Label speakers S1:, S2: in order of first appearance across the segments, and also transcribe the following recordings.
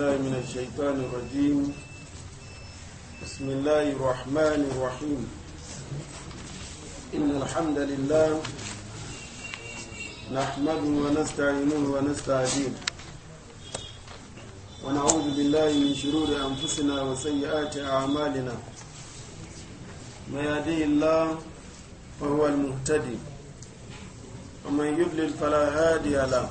S1: من الشيطان الرجيم بسم الله الرحمن الرحيم إن الحمد لله نحمده ونستعينه ونستهديه ونعوذ بالله من شرور أنفسنا وسيئات أعمالنا ما يهديه الله فهو المهتدي ومن يضلل فلا هادي له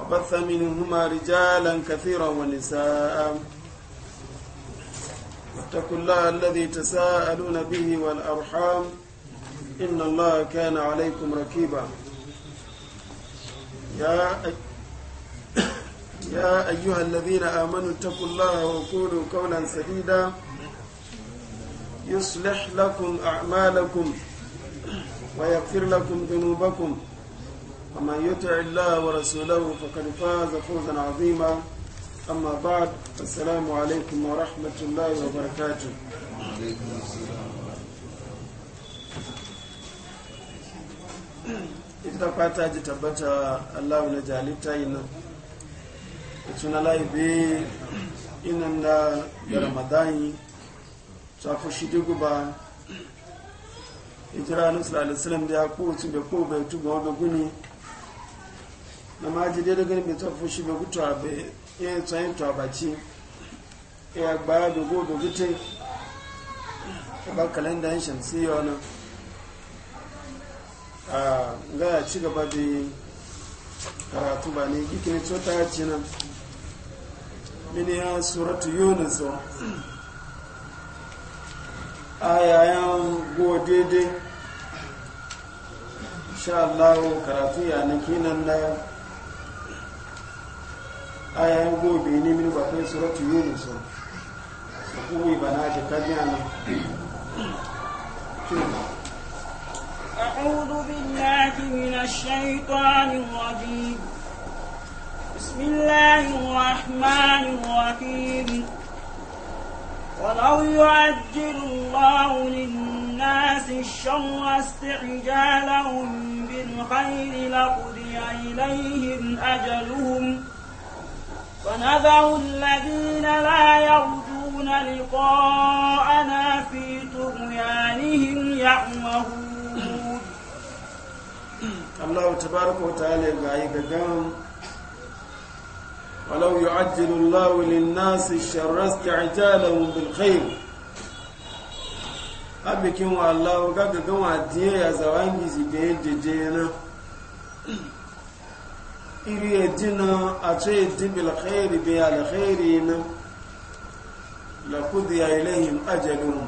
S1: وبث منهما رجالا كثيرا ونساء واتقوا الله الذي تساءلون به والأرحام إن الله كان عليكم ركيبا يا أي... يا أيها الذين آمنوا اتقوا الله وقولوا قولا سديدا يصلح لكم أعمالكم ويغفر لكم ذنوبكم ومن يطع الله ورسوله فقد فاز فوزا عظيما أما بعد السلام عليكم ورحمة الله وبركاته وعليكم السلام ita fata ji tabbata Allah na jalita ina tuna laibe inan da da ramadani ta fi shi ba. ita ranar sallallahu da ya kowace da ko bai tuba guni na maji daidai ganin bai tafi shi bai gutu abe ya tsayin to abaci ya gbara dogo da gute A ba kalenda yin shamsi ya wani a ya ci gaba da karatu ba ne gikini cota ya ci nan mini ya suratu yunus a yayan go daidai Sha Allah karatu ya nake nan na yau aya ya gobe mini ba kai suratu yunus
S2: أعوذ بالله من الشيطان الرجيم بسم الله الرحمن الرحيم ولو يعجل الله للناس الشر استعجالهم بالخير لقضي إليهم أجلهم ونذر الذين لا يرجون لقاءنا في طغيانهم يعمهون
S1: الله تبارك وتعالى يقول لهم ولو يعجل الله للناس الشر استعجالهم بالخير abikin wa Allah ga ga gawa diya ya zawangi zibe jeje na iri ya jina a ce dibil khairi bi alkhairi na la kudiya ilayhim ajalun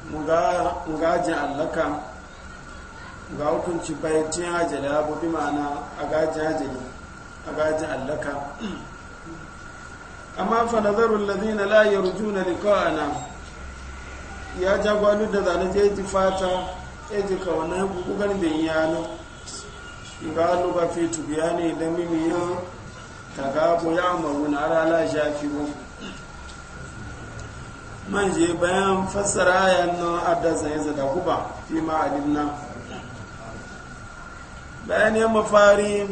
S1: muga muga ji allaka ga hukunci bai tin ajala bu bi ma'ana a gaji ajali a gaji allaka amma fa nazaru alladhina la yarjuna liqa'ana ya jagwalu da zalaje ji fata eji kawana gugugan bin yana ga ba fi tubiyani da ta gabo ya amuru na rala shafi man je bayan fassara yannan adazan zai da kuba fi ma'adin nan bayan ya mafari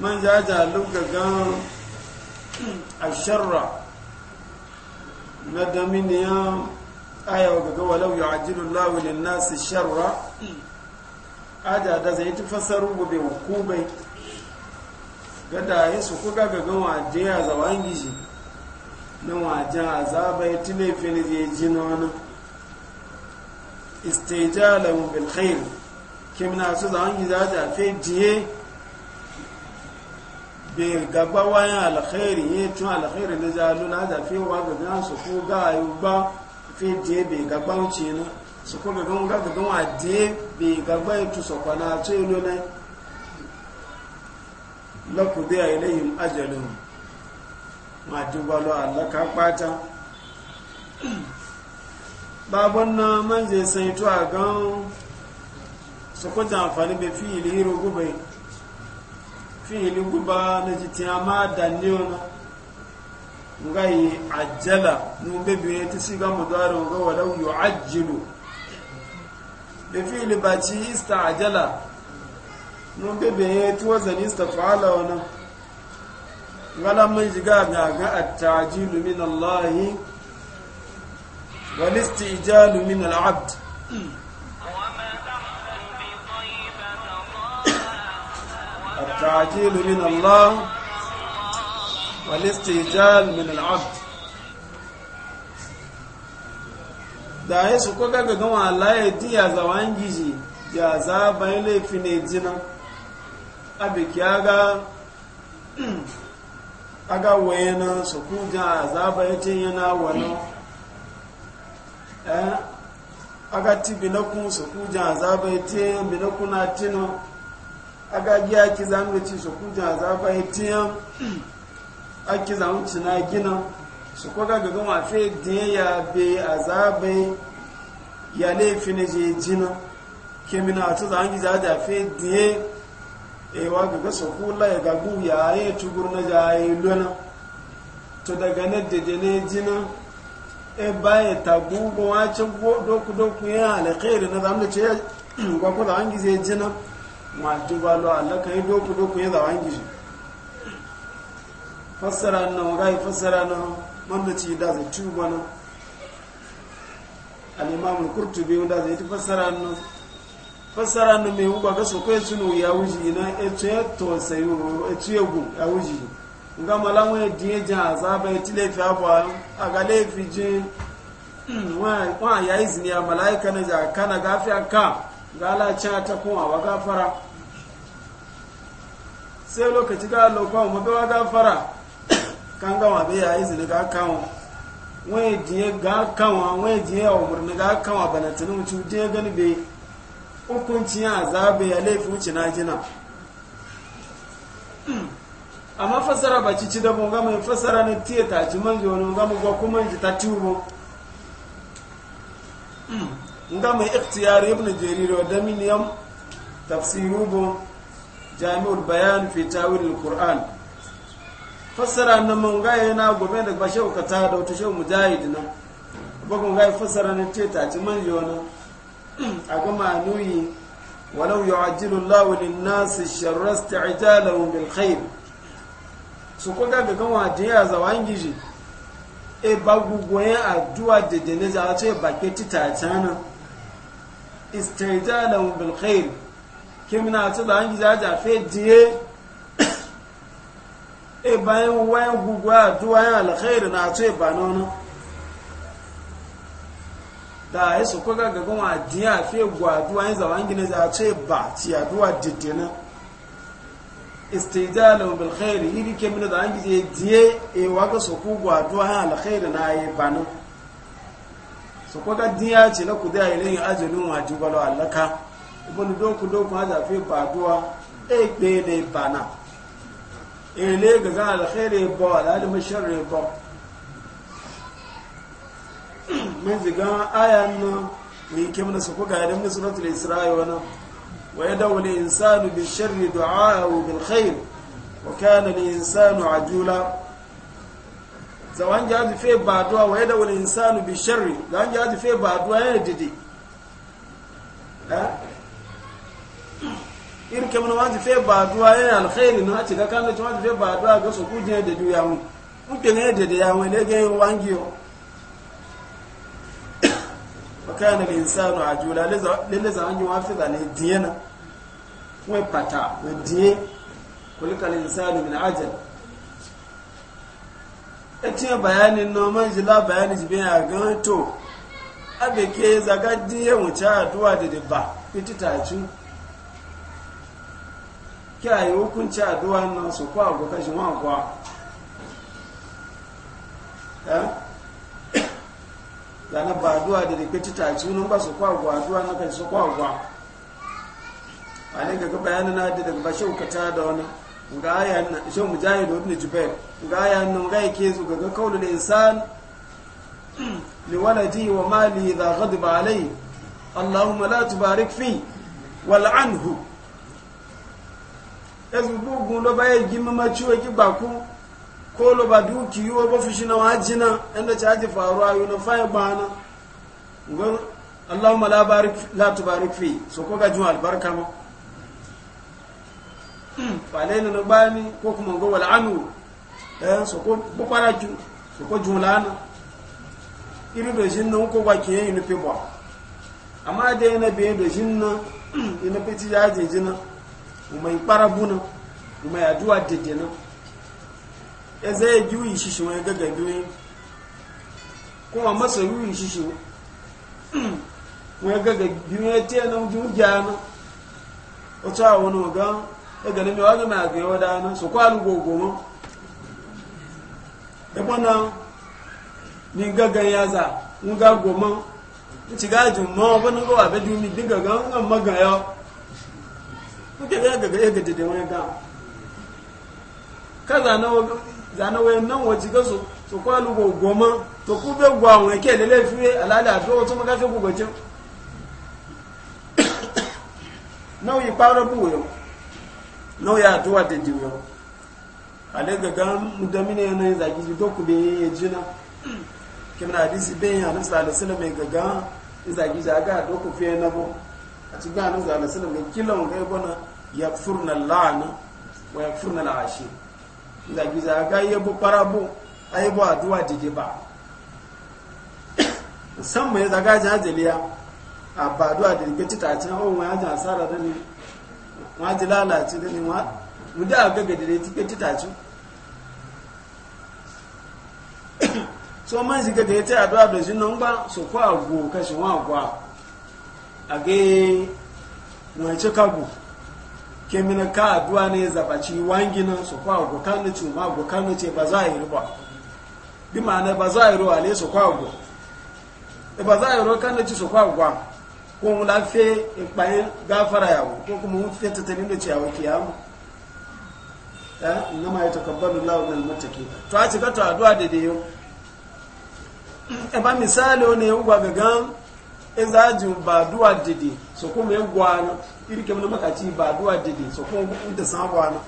S1: man jaja lugagan asharra na daminiyan ayawa gaga walau ya ajiyar lawulin nasi sharra aja da zai ti fasaru gobe ga gada yin su kuka ga gan waje a zawa gishi na wajen azaba ya ti laifin zai ji na wani isteja mu bil khair na su zawa gishi a fi jiye bai gaba wayan alkhairi ya tun alkhairi na jalu na aja fe wa ga gan su kuka yi ba fi jiye bai gaba wuce na su ko gagan gaga gan wade bai gagba yi tusa kwana ce yi na laku biya ilayhim ajalin ma dubalo Allah ka kwata babon na manje sai to a gan su ko ta amfani bai fi'ili hiro gubai fi'ili guba na jitiya ma da na ngai ajala nun bebe ta siga mudarin ga walau yu'ajjilu da fili ba ci ista ajala nun bebe ya tuwa zani ista fa'ala wani wala mun shiga gaga a tajilu min allahi wani istijalu min al'abd التعجيل من الله والاستهجال من العبد da anyị su kwaga ga gama laye diya za wangi ji ya za bayan laifi ne jina abiki aga aga wayana su a za bayan tin yana wani eh aga ti binakun su a za bayan tin binakun na tino aga giya ki zamu ci su kuja za bayan tin aki zamu na gina su kwaga gaga mafi diye ya be a zabe ya laifi na je jina kemina a tuza an gija da fe diye ewa gaga su kula ya gagu ya yi tugur na jaye lona to daga na dede ne jina e baya tagu ba wace doku doku ya alkhairi na zamu ce ba ku da an gije jina ma duba lo Allah kai doku doku ya zawan gije fassara nan ga fassara nan wanda ce da zai ci wani al'imamu kurtubi wanda zai ti fassara nan fassara nan mai wuba ga soko ya tuno ya wuji ya ce ya tosayi etu ya gu ya wuji nga malamu ya ji a azaba ya laifi abuwa a ga laifi ji wa ya zini a mala'ika na jaka na gafi a ka ga alacin ta kuma wa gafara sai lokaci ga lokawa mabewa gafara kanga wa be ya izini ga kawo wai diye ga kawo wai diye wa murni ga kawo bana tuni mutu diye gani be hukunci ya zabe ya laifi wuce na jina amma fasara ba cici da bunga mai fasara ne tiye ta ci manje wani ga mu ga kuma ji ta tubo nga mai ikhtiyar ibn jarir wa damin yam tafsiru bo jami'ul bayan fi tawil kur'an. quran fassara na manga yana gobe da bashe ka ta da wata shehu mujahid na bakon ga fassara na ce ta ci man na a gama nuyi walau yu'ajjilu Allahu lin-nasi sharra isti'jalahum bil khair su ko ga ga wa da ya zawangiji e ba gugoyen addu'a da dane za a ce bakke tita tana isti'jalahum bil khair kimna ta zawangiji a jafe diye e bayan wayan gugwa duwa yan alkhairu na ce ba nono da ya su kuka ga gama diya fe gwa duwa yan zawan gina za ce ba ci ya duwa diddina istijalu bil iri yiri ke min da an gije diye e waga su ku gwa duwa yan alkhairu na yi ba nono su kuka diya ce na ku da ilayin ajalin wajibalo allaka ibn doku doku haja fe ba duwa e gbe ne bana ele ga al alkhairi ba alhalin sharri ba min ziga ayan no mi kim da su ku ga idan suratul isra'i wana wa yadawu lil insanu bi sharri du'a'u bil khair wa kana al insanu ajula zawan jazi fe ba du'a wa yadawu lil insanu bi sharri zawan jazi fe ba du'a ya didi eh irin mun wani fe ba duwa yana alkhairi na ci ga kan ci wani fe ba duwa ga su je da duya mu ke ne da duya mu ne ga wangi yo bakana da insanu ajula le le an yi fi da ne diyana wai pata wai diye kulikal insanu min ajal etiye bayanin noman jila bayani jibin a gan to abeke zaga diye cha duwa da dabba fitita cin kí yi hukunci àdúwà su kwa kó àgbò shi wọn ya lana ba duwa da rikpe títà àti sunan ba sọ kó àgbà duwa na kashi su kwa àgbà a ne gaga bayanin na da daga bashi hukata da wani ga aya na shi da wani jubair ga aya nan ga yake zu gaga kaulul insan li waladi wa mali idha ba alai allahumma la tubarik fi wal anhu ezubugu lo ba yegi mama ciwo ki baku ko lo ba duki yo ba fushi na wajina inda ci haji faruwa yo na fayi bana ngon allahumma la barik la tubarik fi so ko ga jun albarka ma falena na bani ko kuma go wal anu eh so ko bo para ju so ko jun lana iru do jin non ko ke yin pe bo amma dai na be do jin na ina pe ti yaje jina uma ikpara buna uma ya duwa na ya yi shishi wani gaga biyu kuma masa yiwu yi shishi wani gaga ya tiya na wajen gya na wata a wani waga ya gani aga yawa da na ya bana ni gaga ya za nga goma ci dumi diga ga kuke ga ga ga ga da wani ga kaza na zana wayan nan waje ga so kwa lugo goma to ku be gwa won ke lele fi alala do to maka fe ku yi paro bu yo ya to wa de ale ga ga mudamine yin za gi doku ku be ye jina hadisi be ya nabi sallallahu mai wasallam ga ga za gi doku ga na a ci ganin ga da sunan ga kilan ya furna la'ani wa ya furna la'ashi da giza ga yi bu a duwa dide ba musamman ya zaga jin hajjaliya a ba duwa da rike titacen hawan ya jin asara da ne ma ji lalace da ne ma da a gadi da tike titacen so man shiga da ya ce duwa da shi nan ba so ko agwo kashin wa agwa age wance kago ke mina ka aduwa ne zabaci wangi nan su kwa agokan na cuma agokan na ce ba za a yi ruba bi ma'ana ba za a yi ruwa ne su kwa ago e ba za a yi ruwa kan na ci su kwa agwa ko mu lafe ikpayin gafara yawo ko kuma mu fiye tattalin da ciyawa kiyamu ya nama ya takabbalu lawo na mataki to a ka to aduwa da da yau e ba misali ne ya ugwa gagan in za ji ba duwa dede so kuma ya gwana iri kemgbe makaci ba duwa dede so kuma da san gwana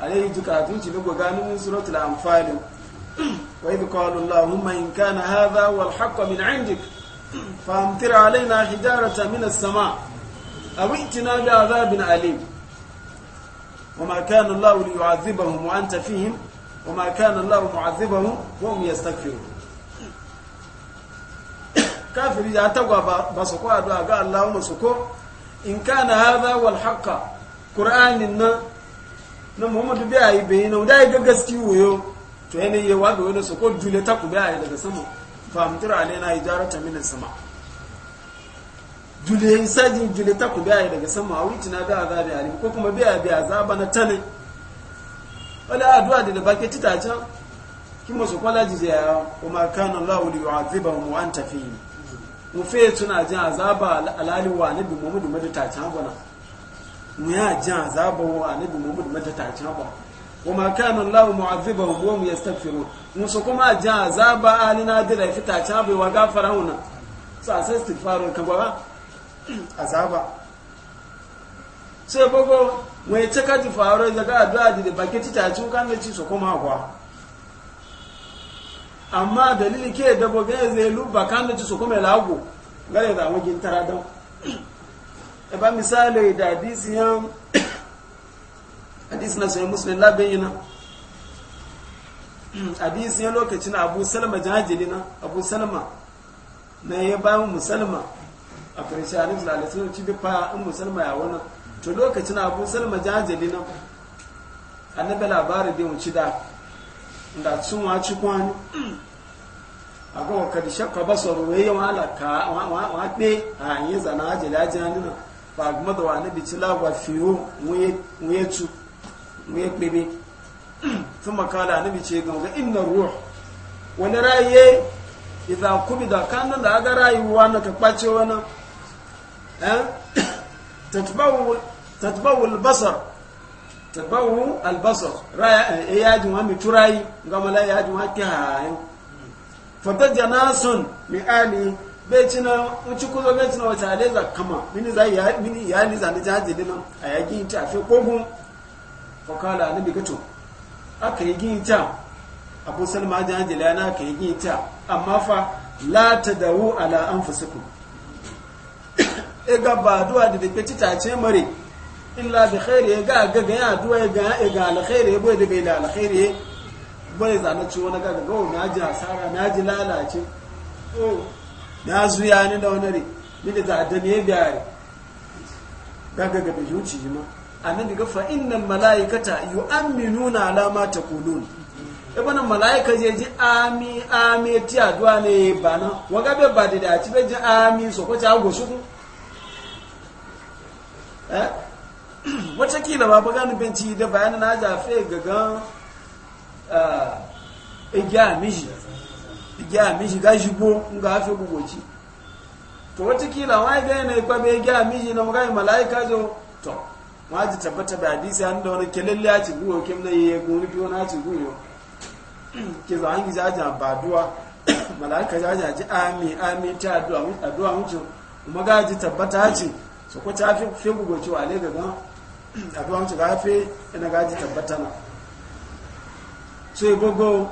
S1: a yi ji karatun ci ne gwaganin min suratul amfani wa idh qala allahumma in kana hadha wal haqq min indik fa alai na hijarata min sama. sama aw itina bi adhabin alim wa ma kana allah liyu'adhibahum wa anta fihim wa ma kana allah mu'adhibahum wa hum yastaghfirun kafiri ya tagwa ba su ko addu'a ga Allahumma su ko in kana hadha wal haqqa qur'anin na na Muhammadu bi ayi bai na da ga gaskiyo yo to yana yi wa ga wani su ko jule ta ku bi ayi daga sama famtura alaina ta min sama dule sajin jule ta ku bi ayi daga sama a wuce na bi azabi alim ko kuma bi ayi zaɓa na tani wani addu'a da baki titacan kimo su kwala jiya wa ma kana Allah li yu'adhibahum wa anta mu fe tuna jin azaba alali wa nabi muhammadu ta abana mu ya jin azaba wa nabi muhammadu madatacin abana wa ma kana allah mu'azzibahum wa hum yastaghfirun mu so kuma jin azaba alina fita ta bai wa gafarahu na sa sai istighfaru ka baba azaba sai bogo mu ya taka ji faru daga addu'a da ta ci kan ne ci so kuma akwa amma dalili ke dabo gane zai lubba kan da ci su kuma lagu gane da wajen tara don e ba misali da hadisi yan hadisi na sai musulun labin yana hadisi yan lokacin abu salma jihajili na abu salma na ya ba mu musalma a karshe a nufin alisun ci bi fa in musalma ya wani to lokacin abu salma jihajili na annabi labarin da yawanci ci da da tun wa ci kwani a ga wakar shakka ba sauro wai yawan alaka wa ɗe a yi zana ajiyar ajiyar nuna ba kuma da wani bici lagwa fiyo muye cu muye kpebe sun makala na bi ga wajen inna ruwa wani raye idan kubi da kanan da aga rayuwa na ka kpace wani eh? tatbawul basar tabawu albasar raya eh, eh, yajin wa miturayi gama la yajin wa ki hayan fatajja nasun mi ali becina uci kuzo becina wata aleza kama mini za ya mini ya ni za ni jaje dina a yagi ta afi kogun fakala annabi gato aka yi gin ta abu salma jaje la na aka yi gin ta amma fa la tadawu ala anfusikum e gaba duwa da da petita ce mare illa bi khairi ga ga ga ya duwa ga ga alkhairi boye da bai da alkhairi boye zana ci wani ga ga na ji asara na ji lalace o na zuya ni da wani re ni da da ya biya ga ga ga zuci jima annabi ga fa innal malaikata yu'minuna ala ma taqulun bana malaika je ji ami ami ti adwa ne bana waga be badi da ci be ji ami so ko ta go su eh watakila ba ba gani benci da bayani na jafe gagan eh, igiya miji igiya miji ga shigo ga hafe gugoci to watakila wani gani na ikwa bai na magani mala'ika zo to ji tabbata da hadisi an da wani kelele ya ci guwa kim na guri biyo na ci guwa ke za an gija duwa mala'ika ya ami ami ta mucin kuma ga ji tabbata su fi gugoci wa afi wamci ga yana gaji tabbata na so yi gogo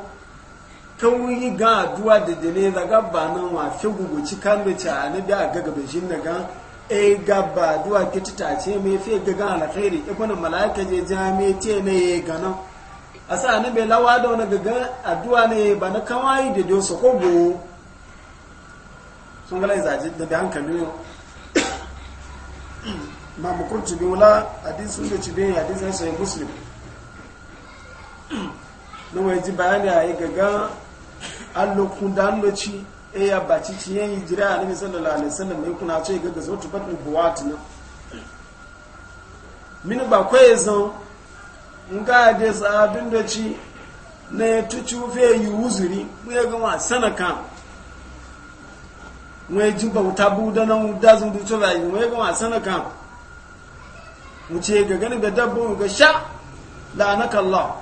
S1: kawai yi ga aduwa da dane da gaba nan wa fi guguci kan da ci a na biya eh, gaga bejin na gan e gaba aduwa ke ci tace mai fi gaga alkhairi ikon malaka je jami ce na ya ga nan a sa na mai lawa da wani gaga aduwa ne ba na kawai da dosa ko go sun gala zaji da hankali yau ma mukul ci wula hadisin da ci hadith hadisin sai muslim na wai ji bayani a yi gaga allokun da ci, e eh, ya baci ci yin hijira a nabi sallallahu alaihi wasallam mai kuna ce gaga zo tubat nubuwat na min ba kwaye zan nga da sabin da ci na ya tuci wufe yi wuzuri mu ya gama sanaka mu ya ji bauta budanan dazin dutu rayu mu ya gama sanaka wuce ga ganin ga dabbo ga sha la'anaka Allah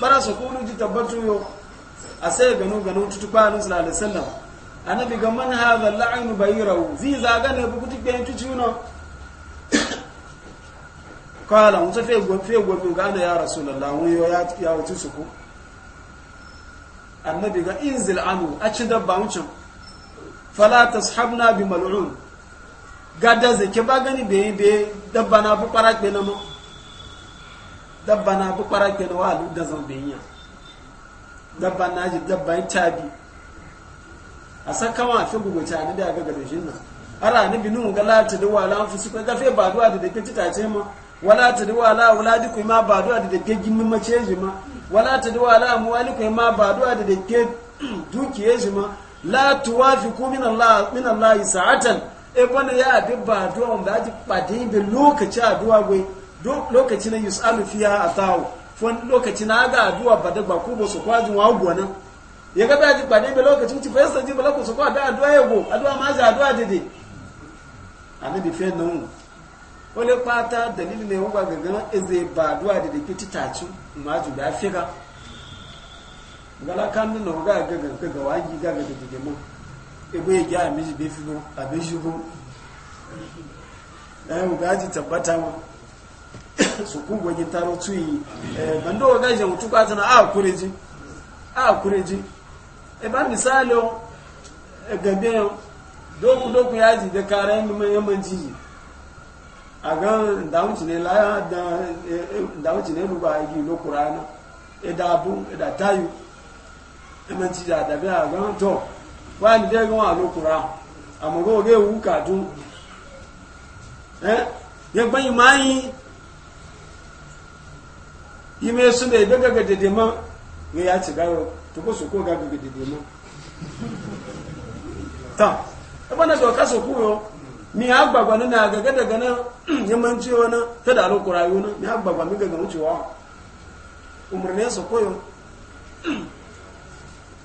S1: bara su kunu ji tabbatu yo a sai ganu ganu tutu kwanin sallallahu alaihi wasallam annabi ga man hadha la'inu bayrahu zi zaga ne bu kutu bayan tutu no kala mu tafe go fe go go ga ya rasulullah mu yo ya ya wuce su ku annabi ga inzil anu a ci dabba mu fala tashabna bi mal'un gada ke ba gani bai bai dabba na bu kpara kpe na dabba na bu kpara kpe na wa alu da zan be ya dabba na ji dabba yin tabi a san kama fi gugu ta da ga gado shi nan ara ni binu ga lati da wala an su ga fe ba duwa da dake ta ce ma wala ta da wala wuladi ku ma ba duwa da dake gimmi mace ji ma wala ta da wala mu amwali ku ma ba duwa da dake dukiye ji ma la tuwafiqu min Allah min Allah sa'atan ebana ya abi ba addu'a wanda aji pàdé be lokaci addu'a gwe lokaci na yus'alu fiha atahu fon lokaci na ga addu'a ba da ba ku bo su kwaji wa gona ya ga ba aji pàdé be lokaci mu ci fa sanji ba ku su kwa da addu'a ya go addu'a ma aji addu'a dede ani bi fe nun ole pata dalili ne wa gaga eze ba addu'a dede kiti tacu ma ju da fika gala kan no ga gaga ga wa gi gaga dede mu ebe ya gya miji bai figo abin shigo ɗayan gaji tabbata ma su kungogin taro tuyi eh, bando wa gajin mutu kwata na a kureji a kureji e ba misali e gabe doku doku yaji da karen numan yaman jiji a gan damuci ne laya da e, e, damuci ne ruba a gilo kurana e da abu da tayu a wa ni de gon alukura amuro ge wu ka du eh ye gban yi mai yi me su de de ga de de ma ge ya ti ga ro to ko su ko ga ge de de ma ta e bana so ka so ku mi agbagba ni na ga ga de ga na ye man ji wona ta da alukura yo na mi agbagba mi ga ga mu ci wa umurne so ko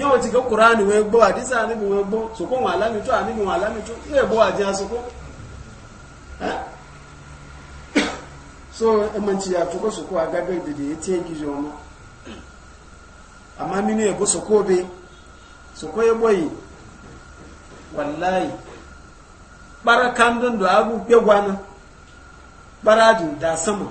S1: yíò ti gbọ́ kùránì wọn gbọ́ àdísà níbi wọn gbọ́ sòkó wọn alámitó àníbi wọn alámitó ní ẹ̀gbọ́ àti so ẹmọ̀ntì àtúkọ́ sòkó agábẹ́ ìdèdè etí ẹgìrì ọmọ àmá mi ní ẹ̀gbọ́ sòkó obe sòkó ẹgbọ́ yìí wàláì kpara kandun da agu gbẹ́gwana kpara dà sánmọ̀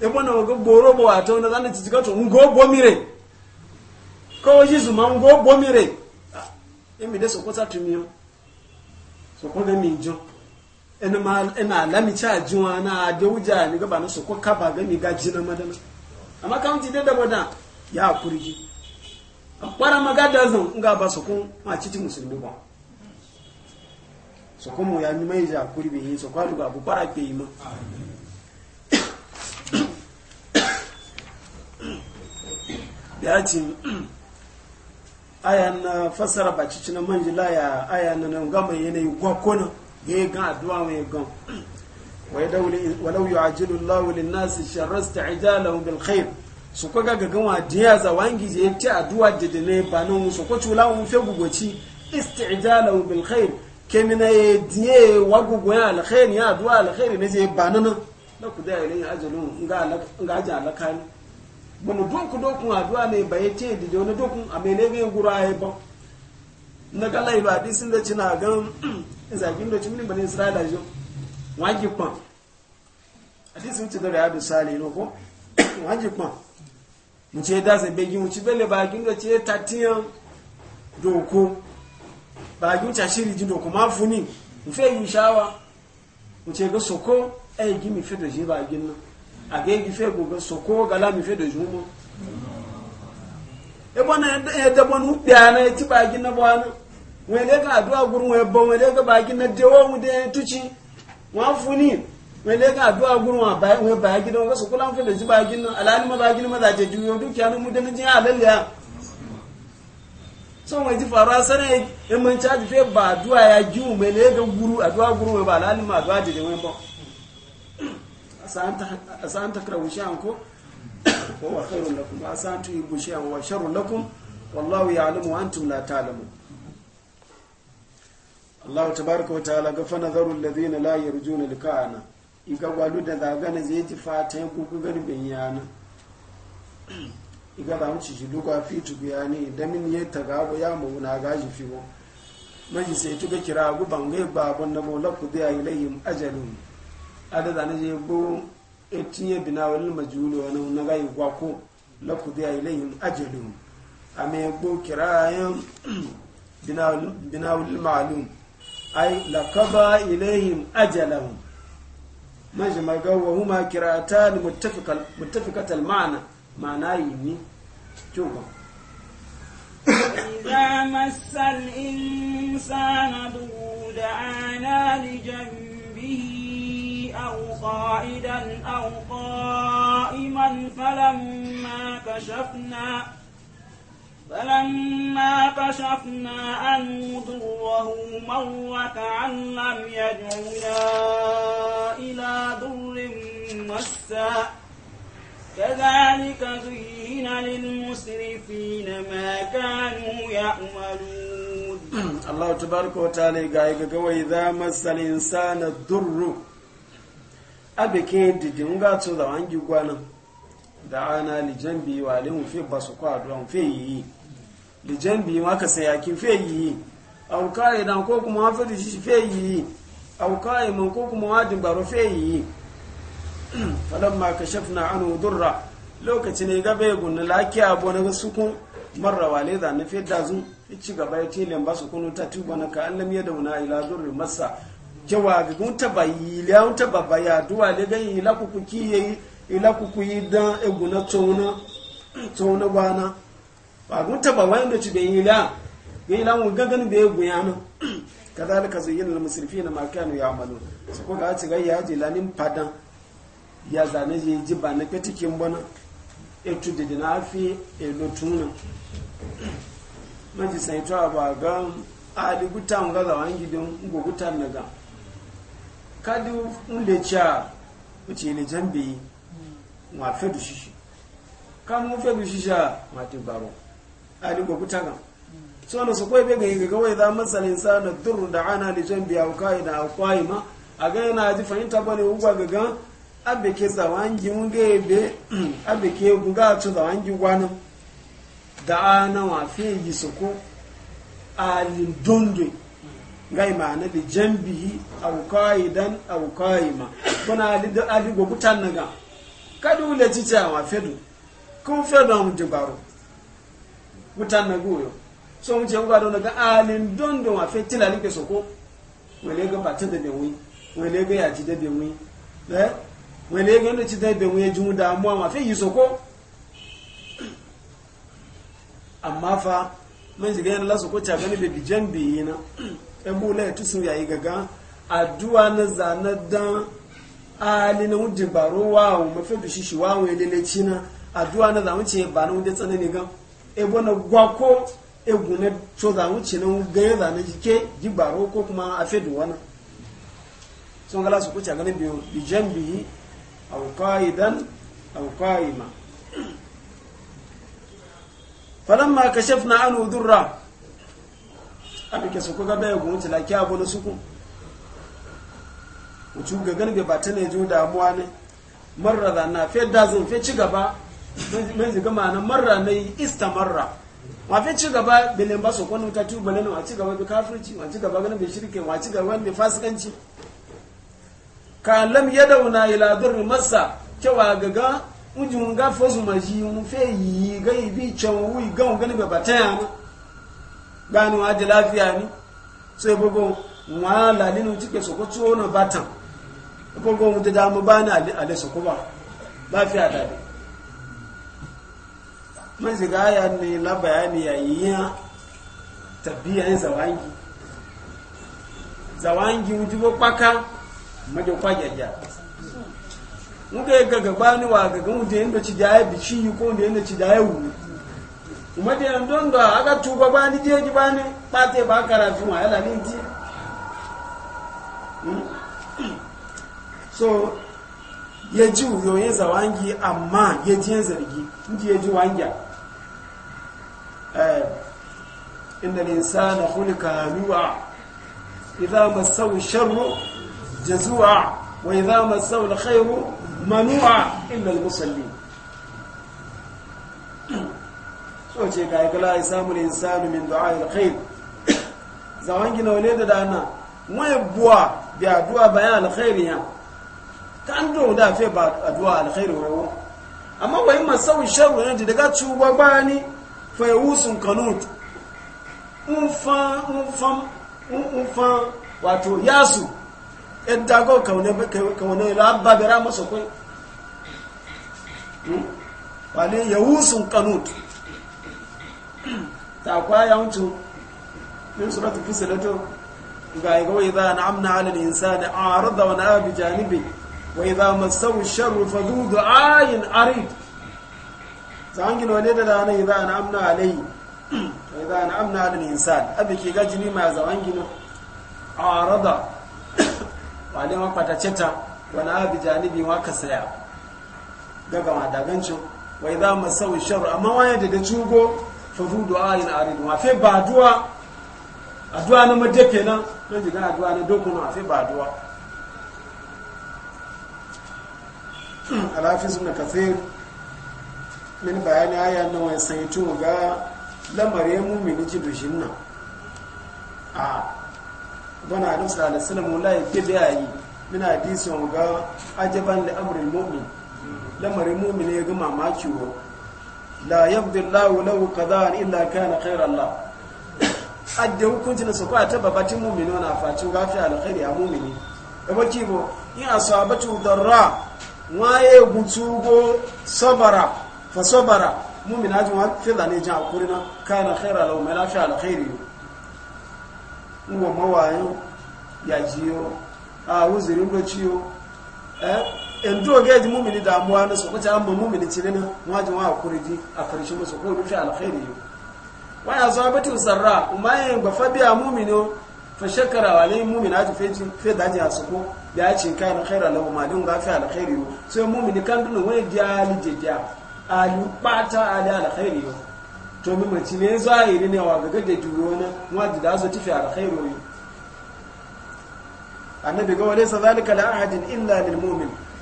S1: ebona ogogboro bo ato ah, na zana tijika to ngo bomire ko jisu ma ngo bomire emi de sokota tumio sokoga minjo ena ma ena la mi cha juwa na de uja ni ga bana sokko kaba ga mi gaji na madana amma kan ti de da boda ya kurji akwara magada zan nga ba sokko ma citi musulmi ba sokko mo ya ni mai ja kurbi yin sokko aluga bu para pe ya ce ayan na fasara bacici na manji laya ayan na nan gama yanayi gwakona ga yi gan addu'a mai gan walau yi ajilun lawulin nasi sharrasta ijalahun bilkhair su kwa gaga gama diya za wangi je ta addu'a da ne ba nan su kwa cula mun fe gugoci isti'jalahun bilkhair kemina ya diye wa gugoyan alkhair ya addu'a alkhair ne je ba nan na ku da ilin ajalun ga ajin alakani dunku dokun dokun addu'a ne baye ce da wani dokun a mai ne gura ya ba na ga lailu hadisin da cina gan zagin da cimin bane isra'ila jo waji kwan hadisin ci da ya bi sale no ko waji kwan mu ce da sai begi mu ci bele ba gin da ce tatiyan doko ba gin ta shiri ji doko ma funi mu fe yi shawa mu ce ga soko ai gimi fe da je ba gin nan agegi fe goga soko gala mi fe da juma e bona e da bon hubya na ti bagi na bona wele ga adua gurun we bon wele ga bagi na dewo mu de tuchi wa funi wele ga adua gurun wa bai we bagi don ga soko lan fe da ji bagi na alani ma bagi na ma da je juyo dukiya na mu da ni alalle sọ wọn ti fara sẹ́nẹ̀ ẹmọ ìchájú fẹ́ bá àdúrà ya jíun mẹ́lẹ́ ẹgbẹ́ gúrú àdúrà gúrú wọn bá láàrín àdúrà jẹjẹ wọn bọ́ asanta an takrahu shay'an ko wa huwa khairun lakum wa asa an tuhibbu shay'an wa sharrun lakum wallahu ya'lamu wa antum la ta'lamun Allah tabaraka wa ta'ala ga fa nazaru alladhina la yarjuna liqa'ana iga gwalu da zagana zai ci fatan ku ku gani bin yana iga da wuce shi duka fi tuku ya ne da min ya ta gabo ya mu na gaji fi mo maji sai tuka kira guban gai babun da mu ku da ilayhim ajalun ada zane je bo etinye bina wal majulu wa na ga yuwa ko la kudiya ilayhim a ame bo kirayan bina wal bina wal ma'lum ay laqaba ilayhim ajalahum majma ga wa huma kiratan muttafiqal muttafiqatal ma'na ma'na yimi chuba
S2: إذا مس الإنسان ضر دعانا لجنبه أو قاعدا أو قائما فلما كشفنا فلما كشفنا عنه ضره مر كأن لم يدعنا إلى ضر مسا كذلك زين للمسرفين ما كانوا يعملون
S1: الله تبارك وتعالى قال إذا مس الإنسان الضر abikin didin ga to da wangi gwana da ana biyu wa alin fi basu kwa don fi yi lijambi ma ka sai yakin fi yi aw kai dan ko kuma fa di shi fi yi aw kai ma ko kuma wadin baro fi yi ma falamma na an durra lokacin ne bai gunna lakiya bo na sukun marra wale da na fi da zun ci gaba ya tilen basu kunu ta tuba na ka allam ya dauna ila durri masa cewa ga gunta bayi ya gunta ba ya duwa da gani ila kuku yi ila kuku yi dan eguna tsona tsona bana ba gunta ba wani da ci bai yi la bai la mu gagan da ya guya kadalika kazalika zuyyina lil na ma ya ya'malun su ko ga ci ga ya ji lanin fadan ya zane ji ji ba e na katikin bana etu da dina fi elotuna maji sai to ba ga ali gutan ga zawan gidan go na ga kadi unde cha uchi ni jambi wa fedu shishi kama fedu shisha wa baro ali go kutaka so no sokwe bega yake da masal insana da ana li jambi au kaida au qaima aga na ji fahimta bane ugwa gaga abe ke ke to da ana wa fe gai ma'ana da jambihi au qa'idan au qa'ima kuna ali go butan naga kadu le cica wa fedu kun fedu mu jibaro butan naga yo so mu je ngado naga alin dondo wa fe tilali ke soko wele ga batin da bewi wele ga yaji da bewi eh wele ga ndo ci da bewi ya jumu da mu wa fe yi soko amma fa mun shiga yana lasu ko ta gani da bijan biyi na ebula ya tusun yayi gaga addu'a na zana dan ali na wujin baro wawo mafi da shishi wawo ya lalaci na addu'a na zamu ce ba na wujin tsanani gan ebo na gwako egu na to zamu ce na gaya zana jike ji baro ko kuma a fedu wani sun gala su kuce ganin biyu bijan biyi auqaidan auqaima falamma kashafna anhu durra abike su kuka bai gun tila kya na suku ucu ga ganbe ba ta ne da damuwa ne marra da na fe da zun fe ci gaba mun gama na marra ne istamarra wa fe ci gaba bilin ba su kwanu ta tu balin wa ci gaba da kafirci wa ci gaba ganin bi shirke wa ci gaba bi fasikanci ka lam yadauna ila durri massa cewa gaga ujun ga fosu maji mun fe yi ga ibi chawu ga ganbe ba ta yana gani wa ji lafiya ni so ya bugu wa lalinu cike su kuci wani batan ya bugu mutu da mu bani ale su kuma lafiya dade ne man ziga ya ne la bayani ya yi ya tabiya yin zawangi zawangi wujubo kwaka majo kwajaja muka yi gagagba ni wa gagan wujen da ci e da ya bici ko da ci da ya wuri umadiya ndondo aga tuba bani jeji bani pate bakara juma ala niti hmm? so yeji uyo yeza wangi amma yeji yenza ligi ndi yeji wanja eh inna al-insana khuliqa halu'a idha massahu sharru jazua wa idha massahu al-khayru manu'a illa al-musallin so ce ga ikala isamu insanu min du'a alkhair wale da dana mai buwa bi addu'a bayan alkhairi ya kan do da fe ba addu'a alkhairi wa amma wai masau sharru ne daga tuba bani fa yusun kanut unfa wato yasu yadda ko kaune rabba bi masa kai hmm? wale yusun kanut ta kwaya mutu min suratul fusilato ga ga wai za na amna alal insani arada wa na bi janibi wai za masawu sharru fa du du'ain arid zangin wale da dana yi za na amna alai wai za na amna alal insani abike ga jini ma zawangin arada wale wa pataceta wa na bi janibi wa kasaya daga madagancin wai za masawu sharru amma wani da da cugo fafu du'a yin aridu a fi ba du'a addu'a na madefe na don jiga addu'a na dokuna a fi ba du'a alafi suna kafe min bayani aya na wani saitu ga lamarin mumini ji dushin nan a bana adam sallallahu alaihi wasallam wallahi ke yi min hadisin ga ajaban li amrul mu'min lamarin mumini ya ga mamaki wa la yabdi Allahu lahu qada'an illa kana khairan la adde hukunci na sokwa ta babatin mu'mino na faci gafi alkhairi a mu'mini e baki bo in asabatu darra waye gutugo sabara fa sabara mu'mina ji wa fida ne ja kurina kana khairan lahu ma lafi mawayo ya jiyo a wuzirin endo ga ji mummini damuwa na so an ba mummini cire ne waje wa ji a karshe musu ko dushi alkhairi yo wa ya zabati usarra yi ba fabi a mumini fa shekara wa mummini a ji feji fe daji a suko ya ce kayan na khaira ma din gafi alkhairi so sai mummini kan dun wani jali jeja alu pata ali alkhairi yo to mi mace ne zahiri ne wa gaga da duro na waje da zo tafi alkhairi yo annabi ga wale sa zalika la ahadin illa lil mu'min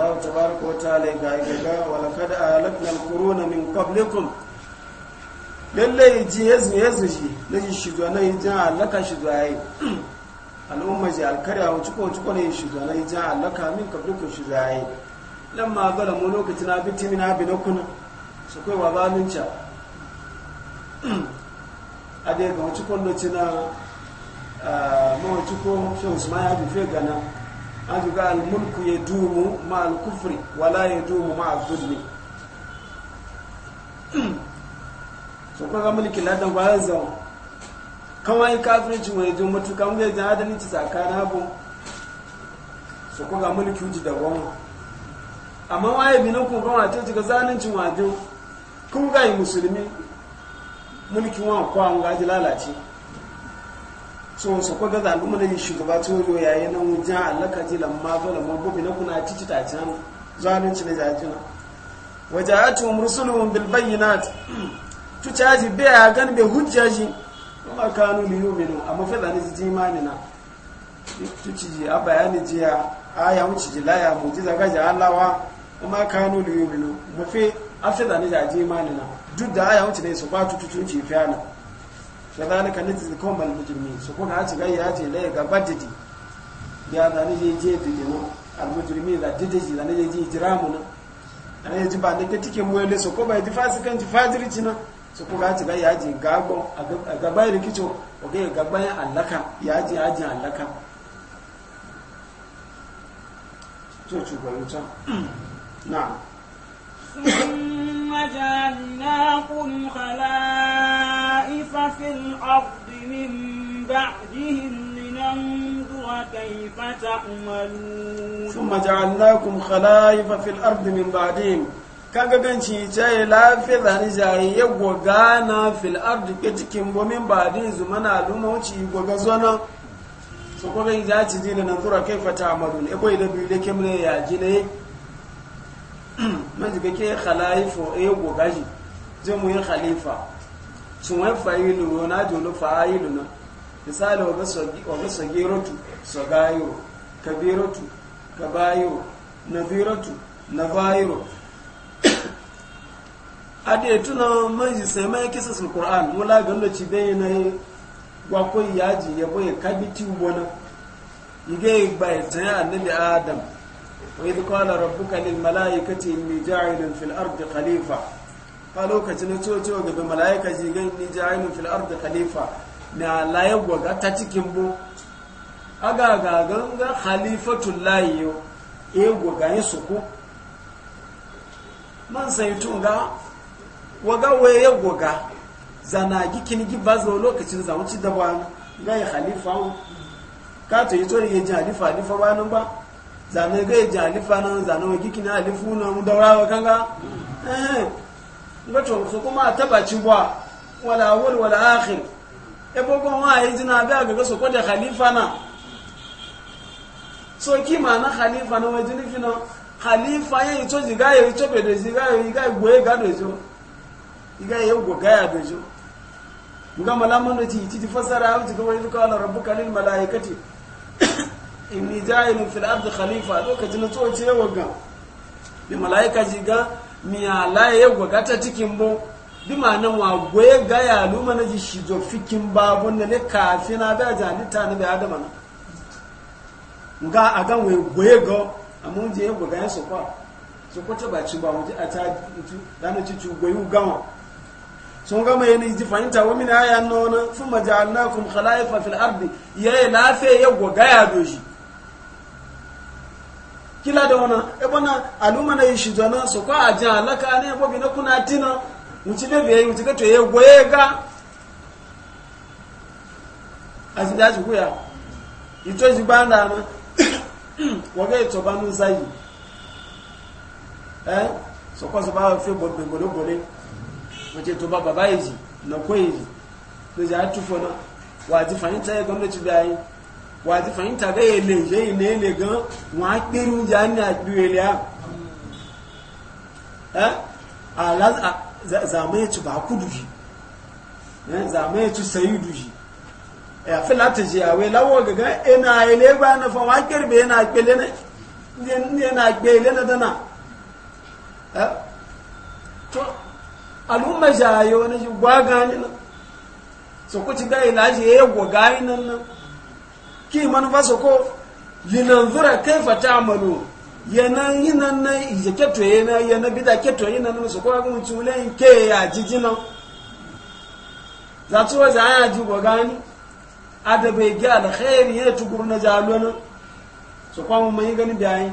S1: Allah tabaraka wa ta'ala ga ga wa laqad ahlakna al-quruna min qablikum lalle ji yezu na ji shi na yi jan alaka shi zuwa yi al'umma ji alkarya wa ciko ciko ne shi zuwa na yi jan alaka min qablikum shi zuwa yi lamma zalamu lokacin abiti min abinakuna su kai wa zalunci a dai ga wacikon lokacin a mawacikon shi usman ya fi gana An mulku ya dumu ma alkufri wala ya dumu ma azulmi so ga mulki ladan bayan zama kawai kafirci mai jin mutuka mun ga adalci tsakanin abu so ga mulki uji da gwamna amma waye binan ku gwamna ta jiga zalunci wajo kun ga musulmi mulki wa kwa an ga lalace so su kwa gaza al'umma da shugaba tsoro yayin nan wujan allaka jilan lamma da mabubi na kuna titi ta can zalunci na jajina a rusuluhum bil bayyinat tu caji biya a gan be hujjaji kuma kanu li yu'minu amma fa da ni ji imani na tu ciji a bayani ji a aya wuce ji laya mujiza zaga ji allawa kuma kanu yi yu'minu mafi afi da ni ji imani na duk da aya wuce ne su ba tututu ci fiya na kadhalika nizil qawmal mujrimin so ko ga ci ga ya ce le ga badidi ya da ni je je dide no al mujrimin da dide ji da ni je ji jiramu na ana ji ba da ke tike mu le so ko ba ji fasikan ji fajirci na su ko ga ci ga ya ji gago a gaba rikicho o ga gaba ya allaka ya ji ya ji allaka to ci gwayuta
S2: ثم جعلناكم خلائق خلائف في الأرض من بعدهم لننظر كيف تأملون ثم
S1: جعلناكم خلائف في الأرض من بعدهم kaga ganci ta yi lafiya zane jaye ya gwaga na fil ardi cikin gomin ba din zuma na al'umma wuce gwaga su kuma za ci dina nan zura kai fata amadu e bai da biyu da kemre ya ji ne man jiga ke khalaifu e gwaga ji mu yi khalifa sunan fa'ilu na jolo fa'ilu na misali waga sagiratu sagayo kabiratu kabayo naziratu a ade tuna manji sai mai kisa sun qur'an wala gando ci bai na wa ko yaji ya boye kabiti ubona ige igba a annabi adam wa idh qala rabbuka lil malaikati mai ja'ilin fil da khalifa Ka lokacin cewa gaba mala'ika ji gan ni ji ainihin fil'ar da khalifa na layan gwaga ta cikin bu aga gagan ga khalifatun layiyo e gwaga ya suku man sai tun ga waga waye gwaga zana gikin giba zo lokacin zamuci da ba ga ya khalifa ka to yi tori ya ji halifa halifa ba nan ba zane ga ya ji halifa nan zane wa gikin halifu nan daurawa kanga lọ́tọ̀ so kuma tabaci bwa wala awwal wala akhir e bogo wa yi e jina ba ga so ko da khalifa na so ki ma na khalifa na wajin fina khalifa yayi to jiga yayi to be da jiga yayi ga goye ga dojo iga yayi go ga ya dojo muga malaman da ci ci fasara ci ga wani kawala rabbuka lil malaikati inni ja'ilun fil ardi khalifa lokacin to ce waga da malaika jiga miyala ya gwagata cikin bu bi ma'anin wa goye ga luma na ji shi jo fikin babu na ne kafi na da janita na bai adama na ga a gan wai goye ga amma mun je ya gwaga yan sokwa sokwa ta ci ba wuje a ta dana ci ci goyi gama sun gama yana ji fahimta wa min aya nona fun majalnakum khalaifa fil ardi yayi lafiya ya gwaga ya doshi kila da wana ebona aluma na yishi so kwa aja alaka ne bo bina kuna tina mutibe eh? be mutibe to ye goyega azinda zuya ito zibanda na wage banu eh so kwa bole baba na kwezi wàti fàyíntà bẹ́ẹ̀ lè yẹ ilé ilé gan wọ́n á pé oúnjẹ ní àgbé ilé à zàmẹ́ẹ̀tù bá kúdù yìí zàmẹ́ẹ̀tù sẹ́yìdù yìí ẹ̀fẹ́ láti jẹ àwẹ́ láwọ́ gẹ̀gẹ́ ẹ̀nà ilé gbá ẹ̀nà fún wọ́n á kérébẹ̀ ẹ̀nà àgbé ilé náà to al'umma jayo na shi gwa gani nan so kuci ga ilaji ya yi gwa gani nan nan ki manufa soko linanzura kaifa ta'malu yana yina na ije keto yana yana bida keto yana na soko ga mutu le ke ya jijina zatu za zaya ji gogani adabe ga alkhairi ya tugur na jalona so kwa mu mai gani bayi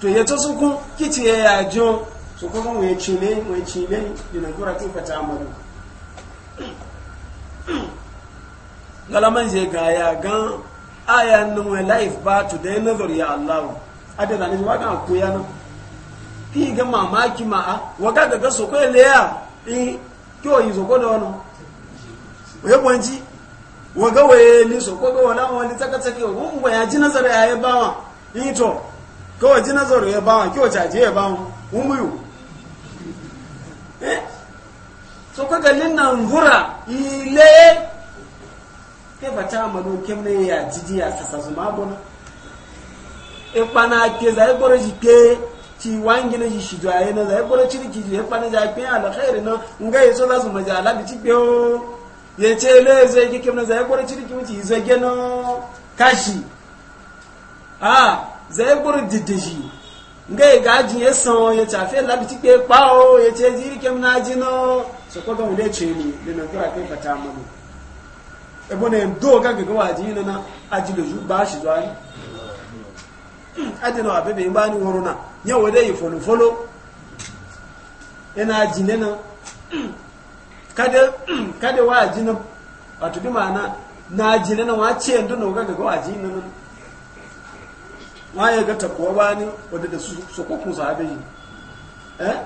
S1: to ya to suku kiti ya yajo so ko mu ya chile mu ya chile linanzura kaifa ta'malu galaman je ga ya gan aya nan wai life ba to dai nazar ya Allah ada da ni wa ga ku ya nan ki ga mamaki ma a wa ga ga so ko le ya kyo yi zo ko da wono we bonji wa we ni so ko ga wala wani taka take ko ko ya ji nazar ya ya bawa in to ko ji nazar ya bawa kyo ta je ya bawa umuyu eh so ko ga nan ile ke bata amadu kem ne ya jiji ya sasa zuma bona e pana ke za e jike ci wangi na shi jwa ye na za e boro chiri ki e pana ja pe ala khair na nga ye so za zuma ja ala bi ci pe o ye che le ze ki kem na za e chiri ki ci zo ge no kashi ah za e boro dideji nga ye ga ji ye san ye ta fe la bi ci pe pa o ye che jiri kem na ji no so ko ga mu le che ni le na kura ke bata amadu ebo na ndo ga gaga waji yin na ajilo ba shi zuwa adina abe be ba ni woro na nye wo dai folo folo ina ajine na kade kade waji na wato bi mana na ajine na wace ndo na ga gaga waji yin na waye ga takwa ba ni wadda da su su kokun sa abe yi eh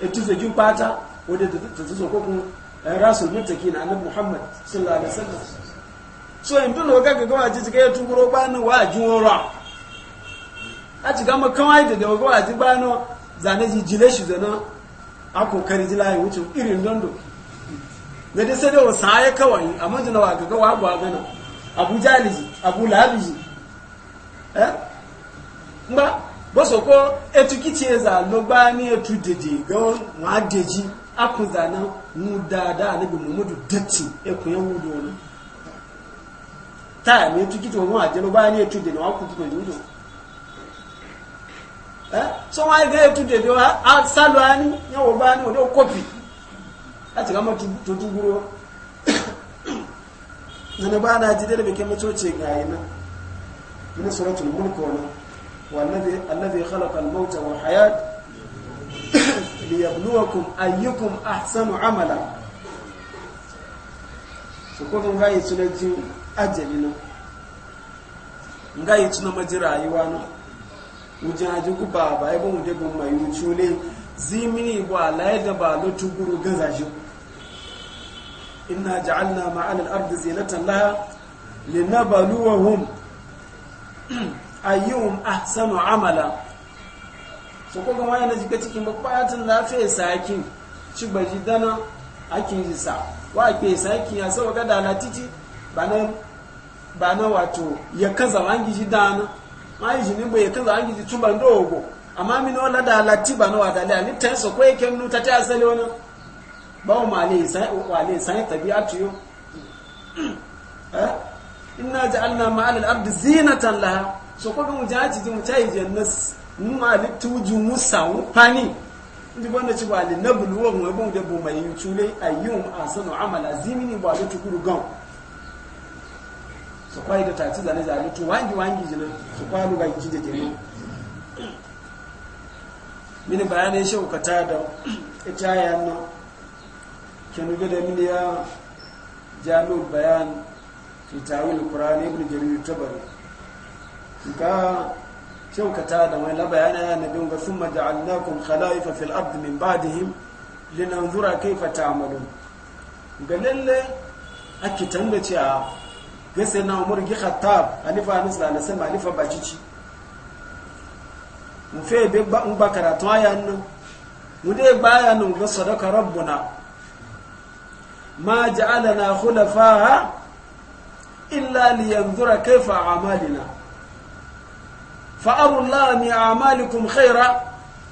S1: etizo jin pata wadda da su kokun Eh, rasul mutaki na annabi muhammad sallallahu alaihi wasallam so in dole ga ga gawa ji ga tu guro ba a ci gama kawai da gawa ji ba zane ji jile shi zana a kokari ji irin dondo dai sai da wasa ya kawai wa ga gana abu jaliji abu mu dada anabi muhammadu datti ekun yan wudu wani táà ní tujú tí wọ́n àjẹ́ ló bá ní ètò ìdènà wọn kú tó pẹ̀lú ìdò ẹ́ sọ wọ́n àìgbé ètò ìdènà sálọ á ní yẹ́wọ̀ bá ní ọdọ́ kọ́pì láti ká mọ́ tó dúgbúrú nínú bá náà jídé lè kẹ́mẹ́ tó ṣe gà yìí náà na sọ̀rọ̀ tó lè múlùkọ̀ náà wà liyabluwakum ayyukum ahsanu amala su ko kun gayi tuna jin ajali no ngayi tuna maji rayuwa no wujin aji ku ba ba ibo mu de bon mai wucu ne zimini wa lai da ba lo tuguru gaza shi inna ja'alna ma'al al-ardi zinatan laha linabluwahum ayyuhum ahsanu amala su kuka gama na jika cikin na fiye sakin ci baji dana akin ji sa wa ke sakin ya sa waga da titi ba na wato ya kaza wangi ji dana ma yi ji nimba ya kaza wangi ji tuba ndogo amma min wala da lati ba na wada da ni tan so ko yake nuta ta asali wani ba wa mali sai wa le sai tabi'atu yo eh inna ja'alna ma'al al-ardi zinatan laha so ko mu jaji mu tayi jannas mu tuju mu sawu pani ndi banda ci wali na wo mo bon de bo mai yutule ayum asanu amala zimini ba lutu kuru gan so kwai da tati zane za lutu wangi wangi jina so kwai lu gaji da de jini mini bayanai shi ka ta da ita ya nan kenu da mini ya jami'ul bayan fi tawil qur'ani ibn jarir tabari ka شو كتادا وين لا بيانا نبيون ثم جعلناكم خلائف في الأرض من بعدهم لننظر كيف تعملون قال لله أكي تنبتي gasa na umar gi khattab alifa anis la na sama alifa bacici mu fe ba mu bakara to ayan mu de baya nu ga sadaka rabbuna ma ji ja'alana khulafaha illa liyanzura a a'malina فأروا الله من أعمالكم خيرا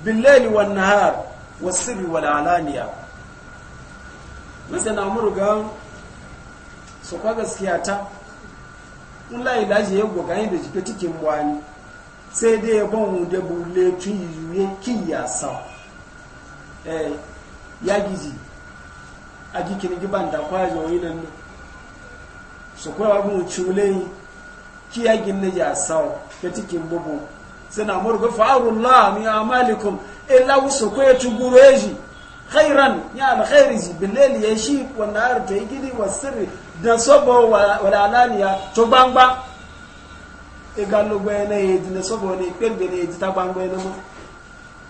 S1: بالليل والنهار والسر والعلانية مثلا أمر قام سوكا غسكياتا wallahi laji ya goga yin da jike cikin wani sai dai ya ban wunde eh ya gizi a gikin giban da kwajo yi nan su kwa abin cule ya cikin bugu suna murga fa'arullah min amalikum malikun wusu ko ya ci guru ya yaji khairan ya alkhairi ji bilal ya shi wanda har ta yi gidi wa sirri da sobo wa lalaniya to gbangba e galo gbe na yi da sobo ne pelbe ne ji ta gbangba ne mo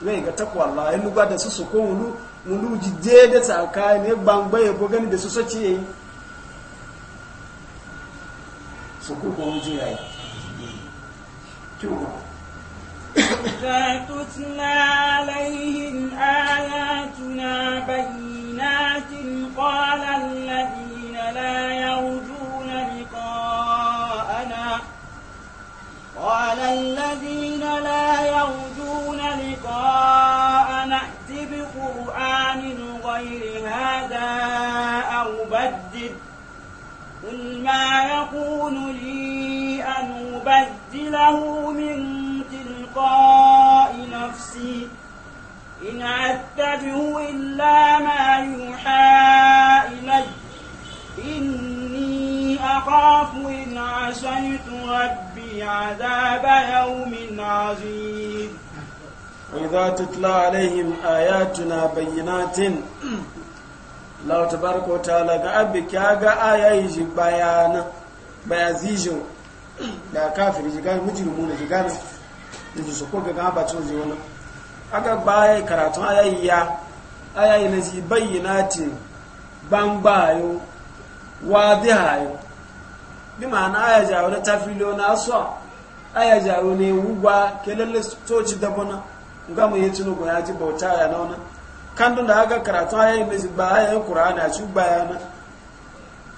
S1: ne ga takwa Allah in lugba da su su ko wulu wulu ji je da kayan ya gbangba ya gogani da su soci
S2: yayi su ko ko mu yayi إذا تتلى عليهم آياتنا بينات قال الذين لا يرجون لقاءنا قال الذين لا يرجون لقاءنا ائت بقرآن غير هذا أو بدل قل ما يكون لي أن أبدل أنزله من تلقاء نفسي إن أتبع إلا ما يوحى إلي إني أخاف إن عصيت ربي عذاب يوم عظيم
S1: وإذا تتلى عليهم آياتنا بينات الله تبارك وتعالى قال بك آية بيان بيزيجو da kafiri ji gani mujrimu ne ji gani da ji soko ga gaba cin ji wani aka baya karatun ayayi ya ayayi na ji bayyana ce bangbayo wadihayo bi ma'ana aya jawo da tafilo na so aya jawo ne wugwa ke lalle toci dabona ga mu yi tunugo ya ji bauta ya nauna kan da aka karatu ayayi na ji ba ayayin qur'ani a ci bayana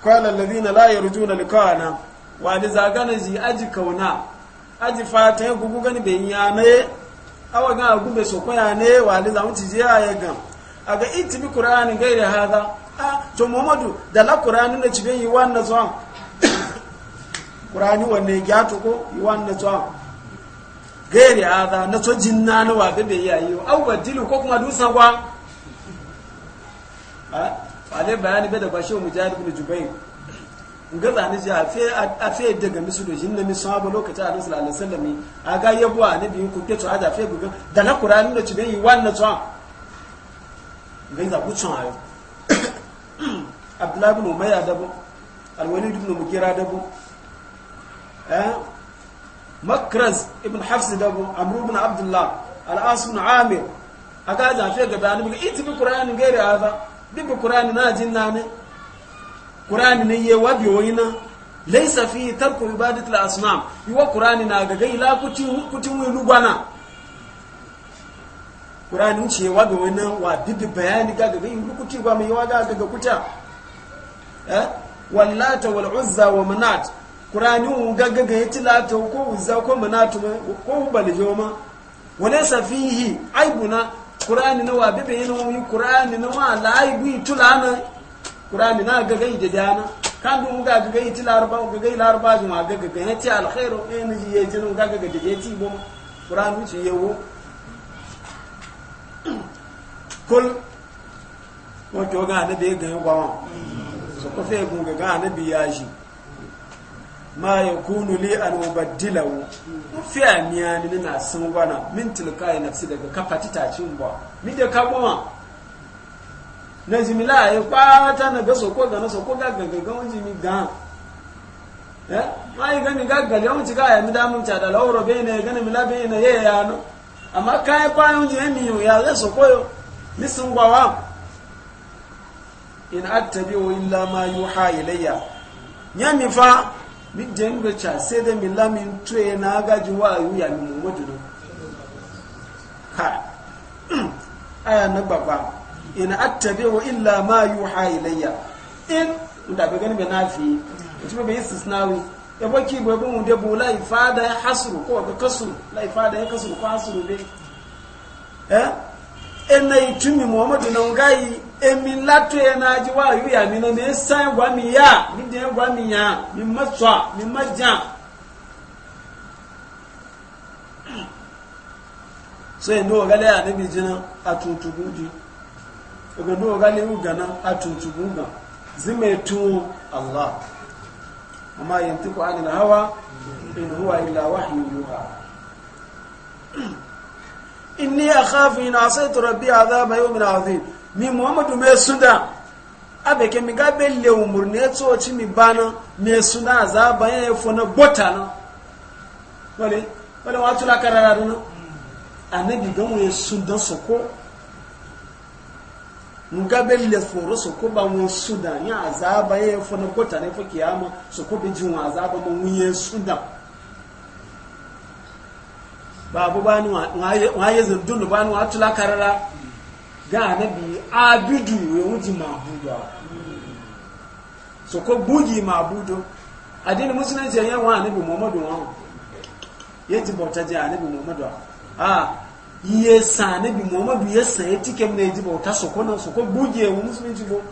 S1: qala alladhina la yarjuna liqa'ana wani zagana ji aji kauna aji fata ya gugu gani bai ne awa gan agu bai ya ne wani zamu ci jiya ya gan a ga iti bi kur'ani gai da haza a to muhammadu da la kur'ani na ci bai yi wannan zuwa kur'ani wanne ya tuko yi wannan zuwa gai da haza na to jinna na wa bai yayi au dilu ko kuma dusa gwa a ne bayani bai da bashi mujahid ibn jubair ga zane ji a fe daga misu da jinna misu abu lokacin a nasarar alisalami a ga yabo a nabi ku ke tsoha da fe gugu da na kurani da cibin yi wannan tsoha ga yi zaɓu tsoha yau abdullahi bin umayya dabo alwali ibn mugira dabo eh? makras ibn hafsi dabo amru ibn abdullah al'as ibn amir a ga zafe ga da nabi ita bi gari aza haza bi kurani na jinna ne qur'ani ne ye wabi wayna laysa fi tarku ibadati al-asnam yuwa qur'ani na ga gaila kuti kuti mu lugwana qur'ani ce wabi wayna wa bibi bayani ga ga gaila kuti gwa mai waga ga ga kuta eh wallata wal uzza wa manat qur'ani ga ga ga yatilata ko uzza ko manat ko baljoma walaysa fihi aibuna qur'ani na wa bibi yana mu qur'ani na wa la aibu tulana kurami na ga gai da dana kan dun ga ga gai ti larba ga gai larba ju ma ga ga ga ti alkhairu e ni ji ye jinu ga ga ga je ti bom kurami ci yewu kul ko to ga da be ga gwa wa so ko fe gun ga ga na bi ya shi ma yakunu li an ubaddilahu fi amiyani na san gwana min tilkai nafsi daga kapatita cin ba mi da ka goma na jimi láàyè pátá na bẹ́ sọ̀kọ́ gana ga gàgàgàgà wọ́n jimi gan ẹ́ eh? máa yí gani gàgàlì wọ́n ti káyà mi dámú ti àdàlà ọ̀rọ̀ bẹ́ẹ̀ na gani mi lábẹ́ na yẹ́ ya nù àmà káyà páyà wọ́n jimi mi ya lẹ́ sọ̀kọ́ yọ ní sùngbà wa in attabi wa illa ma yuha ilayya nya mi fa mi jengbe cha sai da mi lamin tuye na gaji wa yu ya mi mu mudu ha aya na baba in attabi'u illa ma yuha ilayya in da be gani be nafi mutum be istisnawi ya baki be bin mu de bu la ifada ya hasru ko ga kasu la ifada ya kasu ko hasru be eh ena tumi muhammadu na ngai emi lato na ji wa yu ya mi na me san gwa mi ya mi de gwa mi ya mi matwa mi maja so ndo gale ya nabi bi jina atutu gudi daga nuwa gani ugana a tuntubu ga zime tuwo Allah amma yanzu ku anil hawa in huwa illa wahyu yuha inni akhafu in asaitu rabbi azaba yawmin azim mi muhammadu me suda abe ke mi gabe le umur ne umurne tsoci mi bana me suda azaba ya fona botana wale wale wa tula karara dana annabi gamu ya sudan soko mugabin da tsoro su kuba mun suda yin azaba ya yi fana kota ne fa kiyama su kubi jin azaba mun wuye suda babu ba ni wa ya zurdun ba ni wa tula karara ga bi abidu ya wuji mabudu su ko bugi mabudu addinin musulunci ya wa anabi muhammadu wa yaji bauta ji anabi muhammadu a iye sa nabi muhammadu ya sanye tikem na yaji bauta nan soko buge wa musulunci bo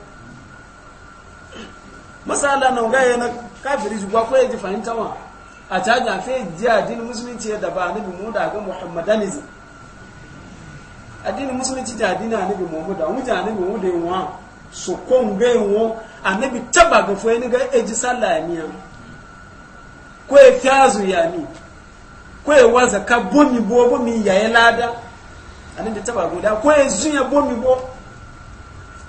S1: masala na ga yana kafiri gwa ko yaji fahimta wa a caja fe ji addinin musulunci da ba nabi mu da ga muhammadanism addinin musulunci da addinin nabi muhammadu an wuce nabi muhammadu ya wa soko nga ya wa annabi taba ga fo ni ga eji sallah ya miya ko ya fiyazu ni. kwewa zaka bomi bo bomi yaye lada anan da taba goda kwe zunya bomi bo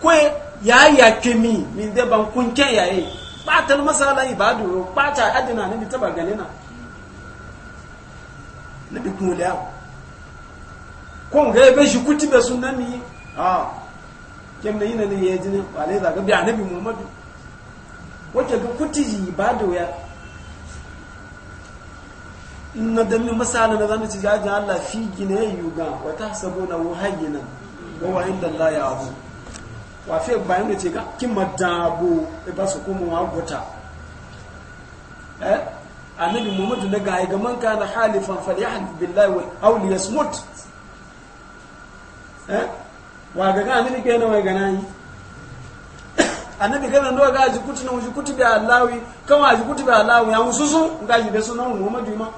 S1: kwe ya ya kemi min da ban kunke yaye batal masala ibadu bata adina nan taba ganina na bi kuma da ko ga be shi kuti be sunani ah kem ne yina ne yejini wale zaka bi annabi muhammadu wace ga kuti ibadu ya na dalilin misali na zamu ci jajin Allah fi gine yuga wa ta sabona wa nan wa wa inda Allah ya abu wafe bayan da ce ga kin madabo e ba su kuma wa gota eh annabi muhammadu na ga ga man kana halifan falyahlif billahi wal aw liyasmut eh wa ga ga annabi kai na wai ga nan annabi kana ndo ga ji kutu na ji kutu bi Allah kawai ji kutu bi Allah ya mususu ga ji be sunan Muhammadu ma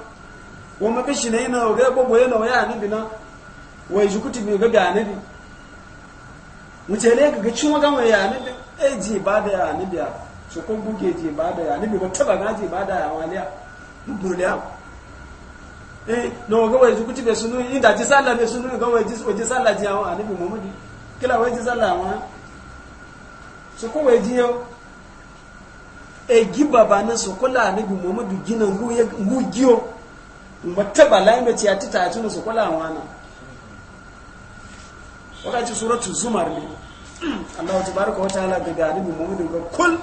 S1: wa makashi na yana wa gaba boye na waya anabi na wai jukuti ne ga ga anabi mutane ga gacin wajen waya anabi eh ji ba da ya anabi ya su kun buge ji ba da ya anabi ba taba ga ji ba da ya waliya dole eh na waga wai jukuti be sunu inda ji sallah be sunu ga wai ji waje sallah ji awon anabi muhammadi kila wai ji sallah ma su ko wai ji yau e gi na su kula anabi muhammadu gina ngu giyo mataba language ya tita tunu su kula wana wakati suratu zumar ne Allah tabaraka wa ta'ala ga galibi mu'minin ga kul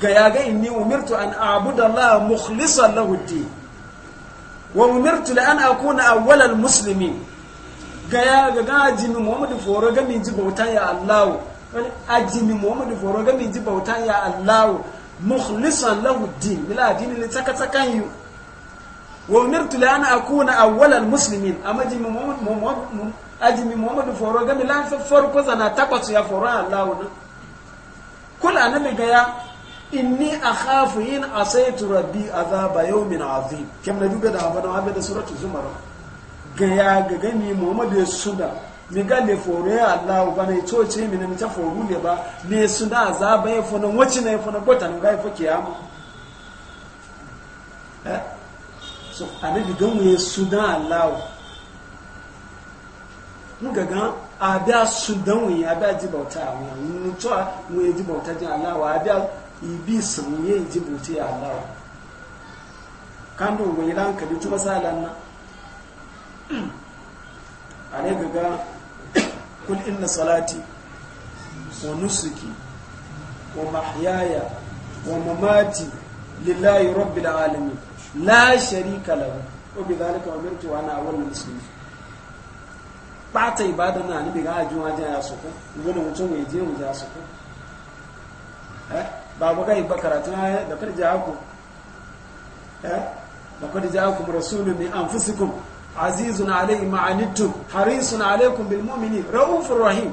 S1: ga ya ga inni umirtu an a'budu Allah mukhlishan lahu ad-din wa umirtu la an akuna awwala al-muslimin ga ya ga gajini Muhammadu foro ga min ji bautan ya Allah wani ajini Muhammadu foro ga min ji bautan ya Allah mukhlishan lahu ad-din mila dinin ne tsaka tsakan yi wa umirtu la an akuna awwalal muslimin amma jimi muhammad ajimi muhammad foro ga mi lan farko zana takwas ya foro Allah wannan kula na mi ga ya inni akhafu in asaitu rabbi azaba yawmin azim kam na duga da abana abe da suratul zumar ga ya ga gani muhammad ya suda mi ga foro ya Allah ba ne to ce mi ne foro le ba ne suda azaba ya fona wacin ya fona botan ga ya fa kiyama eh? so anabi gan mu ye sudan alawo n gangan a bɛ a sudan wo ye a bɛ di bauta a wo ye ntɔ a wo ye di bauta di alawo a bɛ ibi san wo ye di bauta ya alawo kan do wo ye lan kabi tuma sa lan na ale gaga kul inna salati wa nusuki wa mahyaya wa mamati lillahi rabbil alamin la sharika lahu wa bi dhalika umirtu wa ana awwalul muslimin ba ta ibada na ni biga ajun ajin ya soko ngone mutum ya je mu ya soko eh ba ba ga ibba karatu da kar ja ku eh kar ja ku rasulun min anfusikum azizun alayhi ma anittu harisun alaykum bil mu'minin raufur rahim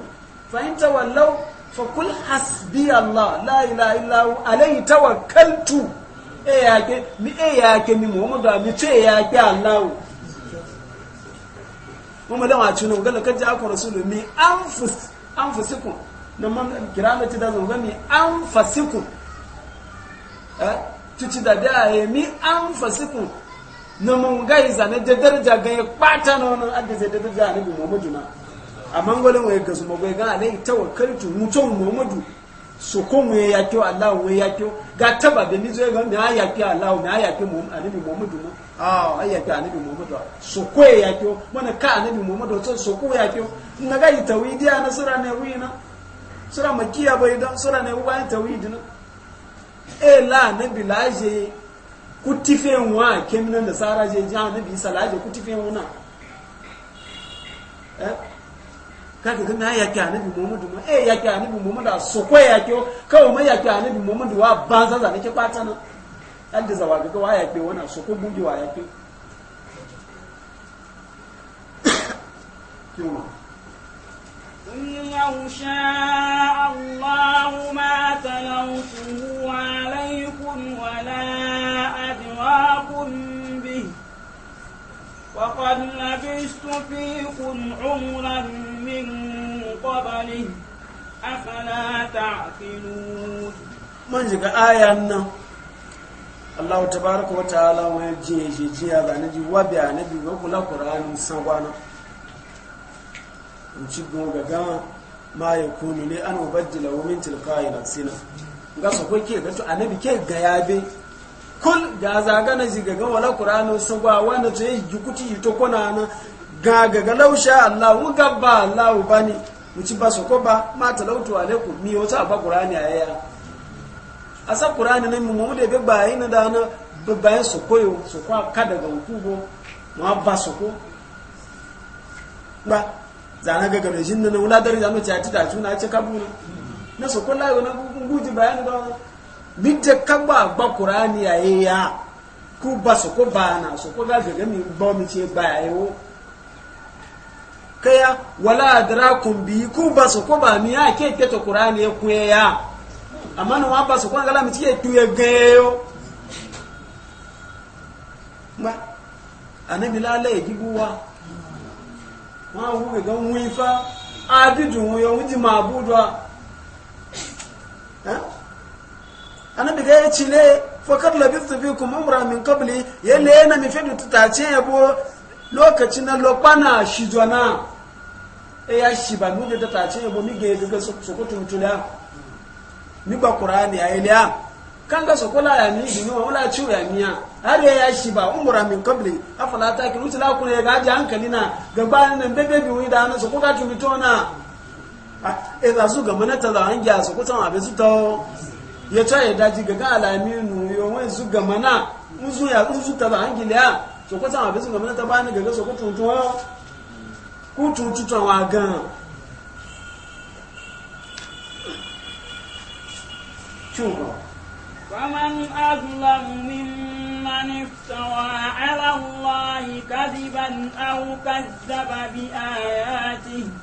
S1: fa in tawallaw fa kul hasbi allah la ilaha illa hu alayhi tawakkaltu eyake mi eyake mi muhammadu ami tu eyake allahu mun madan a cikin ga lokacin aka rasulu mi anfus anfusikum na man kirana ti da zo ga mi anfasikum eh tuci da da e mi anfasikum nan mun ga iza ne da ga ya kwata nan nan adda zai da daraja ne muhammadu na amma ngolin waye ga su magwai ga alai tawakkaltu mutum muhammadu sukun we ya kyo Allah mu ya kyo ga taba da ni zo ga mu ya kyo Allah mu ya kyo mu anabi Muhammadu mu ah ayya ta anabi Muhammadu sukun ya kyo mana ka anabi Muhammadu so sukun ya kyo na ga yi a na sura ne na, sura makiya bai da sura ne wuyi tawidi na e la annabi la je kutife wa kemnan da sara je ja annabi salaje kutife wa na eh kafin kuma ya yake anabi muhammadu ma eh yake anabi muhammadu a sokwa yake kawai ma yake anabi muhammadu wa banza za nake kwata nan an da zawa ga wa yake wannan sokwa bugi wa yake
S2: قل لو شاء الله ما تلوته عليكم ولا أدراكم وقد لبثت فيكم عمرا من قبله أفلا تعقلون من جاء
S1: آية Allah tabaraka wa ta'ala wani jiye shi jiya ga naji wabi a nabi ga kula Qur'anin san kwana in ci goga ga ma ya kunu ne an ubaddila wa min tilqa'i nafsina ga so ke ga to annabi ke ga yabe kul ga zaga na ji ga wala Qur'anin san kwa wanda to yi kuti to kona na ga ga lausha Allah mu gabba Allah bani muci ba su koba ma talautu alaikum mi wata ba qur'ani ayaya asa qur'ani ne mu mu da be bayin na da na be bayin su koyo su kwa kada ga hukubo ma ba su ko ba zana ga gabe shin na wala dare zanu ta ta tuna ce kabu na su ko lawo na guji bayan da mi te kaba ba qur'ani ayaya ku ba su ko ba na su ko ga ga mi ba mi ce bayi yayo kaya wala adrakum bi ku ba so ko ba mi ake te to qur'an ya ku ya amma no ba so ko ngala mi tiye tuye gayo ma anabi la la yibuwa wa hu ga wifa abidu yo wuji mabudwa ha eh? anabi ga chile fakad labithu fikum umra min qabli le na mi fedu tutace yabo lokacin na lokpana shi na e ya shi ba nuna da ta ce yabo nige daga ga su ko tuntula ni ba qur'ani ayi liya kan ga sokola ya ni ni wula ci ya miya har ya shi ba umura min qabli afala ta ki mutula ku ne ga ji hankali na gaba nan bebe bi wuyi da na sokoka ko ga tumitona e za su gama na ta za an gya su ko abin su tawo ya ta ya daji ga ga alaminu yo wani su gama na uzu su ya su ta za an giliya so ko ta abisu ga ta bani gaga so ko tuntun wa ku tuntun ta wa gan chuba
S2: faman azlam mimman iftara ala allah kadiban aw kazzaba bi ayatihi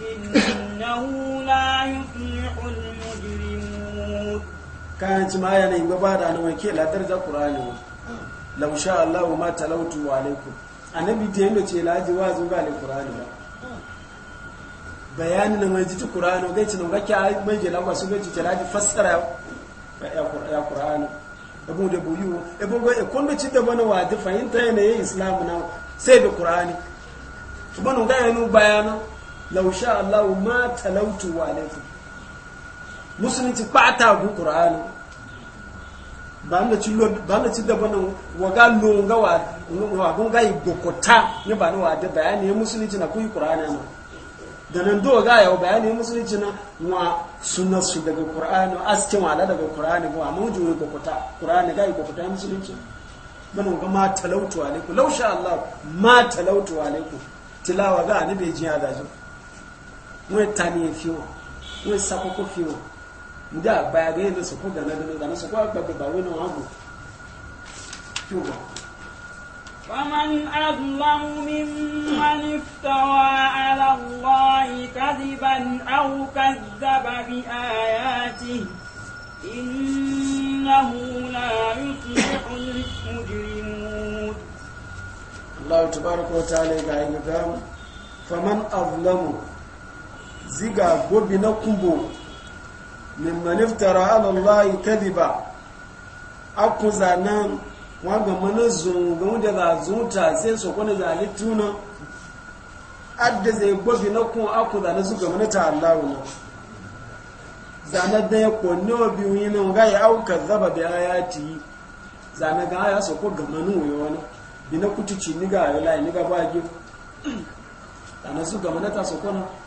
S2: innahu la yuflihul mujrimun kan
S1: ci ma yana yin gaba da nan law sha Allahu ma talawtu alaikum annabi ta yanda ce laji wazu ga ba bayanin da mai qur'ani nan ga kya mai su laji fassara ya qur'ani abu da buyu abu ga e kullu ci da bana wa da fahimta ne yayin islamu na sai da qur'ani bana ga yanu bayana law sha Allahu ma talawtu alaikum musulunci ba ta gu qur'ani bana ci daba nan ga longa wa ga yi gokota ni ba ni wada bayani musulunci na kuyi kur'ana na da nan do ga yau bayani musulunci na wa suna su daga kur'ani cikin wada daga kur'ani ba amma ju gokota kur'ani ga yi gokota musulunci bana ga ma talautu alaiku laushe sha Allah ma talautu alaiku tilawa ga ni be jiya da ju mu tani fiwa mu sakoko fiwa da baya ga yadda su ku da nan da nan su ku ba ba wani hagu kyuwa
S2: فمن أظلم ممن افترى على الله كذبا أو كذب بآياته إنه لا يفلح المجرمون
S1: الله تبارك وتعالى قال فمن أظلم ziga gobi na mimman iftara ala Allah kadiba akuza nan waga mana zungun da za zuta sai su kwana da alituna adda zai gwabi na kun akuza na zuga mana ta Allah na zana da ya kwanne wa biyu yi nan ga ya auka zaba da ayati zana ga ya su ko gamanu yo wani bi na kutuci ni ga lai ni ga ba gi zana su gamana ta su kwana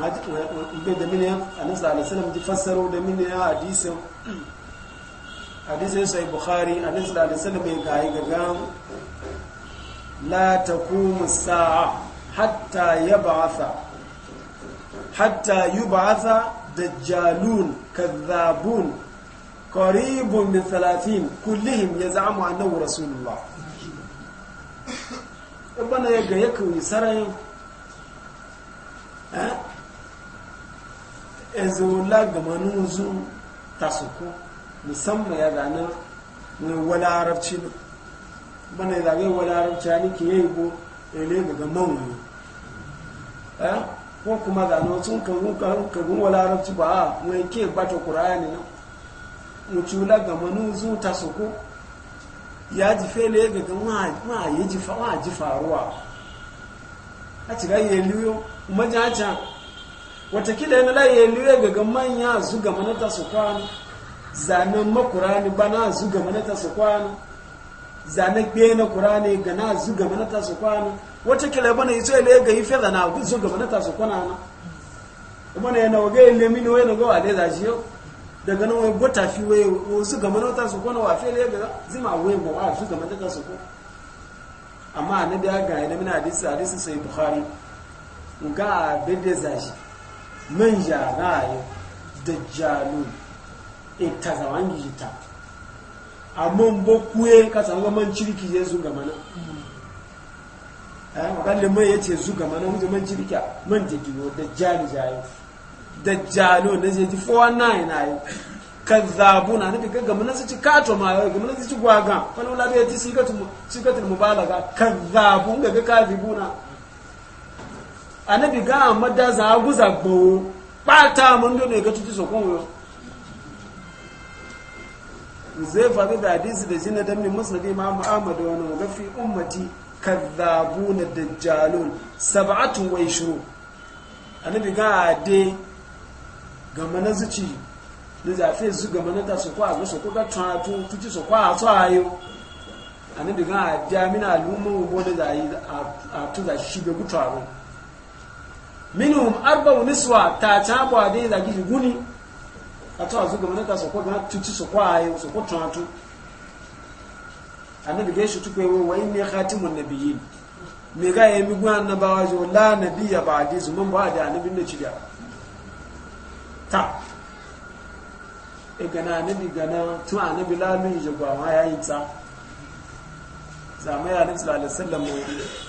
S1: bai da mini annabi sallallahu alaihi ji fassaro da mini hadisin hadisin sai bukhari annabi sallallahu alaihi mai bai gaga la kuma sa'a hatta yab'atha hatta yub'atha dajjalun kadhabun qaribun min 30 kullihim yaz'amu annahu rasulullah ibana yaga sarayin eh? ezola gamanin zu tasuku musamman ya zane ne wala arabci ne bane zage wala arabci ya ke ya yigo ele daga manwani eh? ko kuma zane sun kagun wala arabci ba ah, a mai ke bata kuraya ne nan mutula gamanin zu tasuku ya ji fele daga ma ji faruwa a cikin yi liyo majajan watakila yana laye lure gaga manya zuga manata su kwana zanen makurani bana zuga manata su kwana zanen gbe na kurani gana zuga manata su kwana watakila bana iso ile ga yi fela na zuga manata su kwana na bana yana waga ile mini wani gawa wale za shi yau daga nan wai gota fi wai zuga manata su kwana wa fela ga zima wai ba wa zuga manata su kwana amma na ya ga yana mina hadisi hadisi sai bukhari ga bidda zashi man جاغاي دجالو ita zawan gijita bokuye ka samu man cirki ya zuga mana eh magalle mai yace zuga mana mu man cirki man jigiwo dajjalu da dajjalu ne je 419 na yi kazzabuna nabi ga mana su ci kato ma ga su ci gwaga fa lola da yace sigatul mubalaga kazzabun ga ga kazibuna anabi ga amma da za a guza gbowo ɓata mun ne ga tutu so kun yau zai faru da hadisi da jina dan min musnad imam ahmad wa mafi ga fi ummati kadhabuna dajjalun sab'atu wa ishru anabi ga de ga mana zuci da zafe su ga mana ta so ko a ga so ko ga tatu tutu so ko a so ayo anabi ga de amina alumu bo da zai a tu da shi ga gutaro minhum arba'u niswa ta chabo ade da giji guni ato azuga manaka so ko gana tutu so kwa ayo so ko tantu annabi gaishu tukwe we wa inni khatimun nabiyyin me ga ye mi gwan bawa jo la nabiyya ba'di zuman ba da annabi ne ciya ta e gana annabi gana tu annabi la mi je gwa ma yayi ta zamai annabi sallallahu alaihi wasallam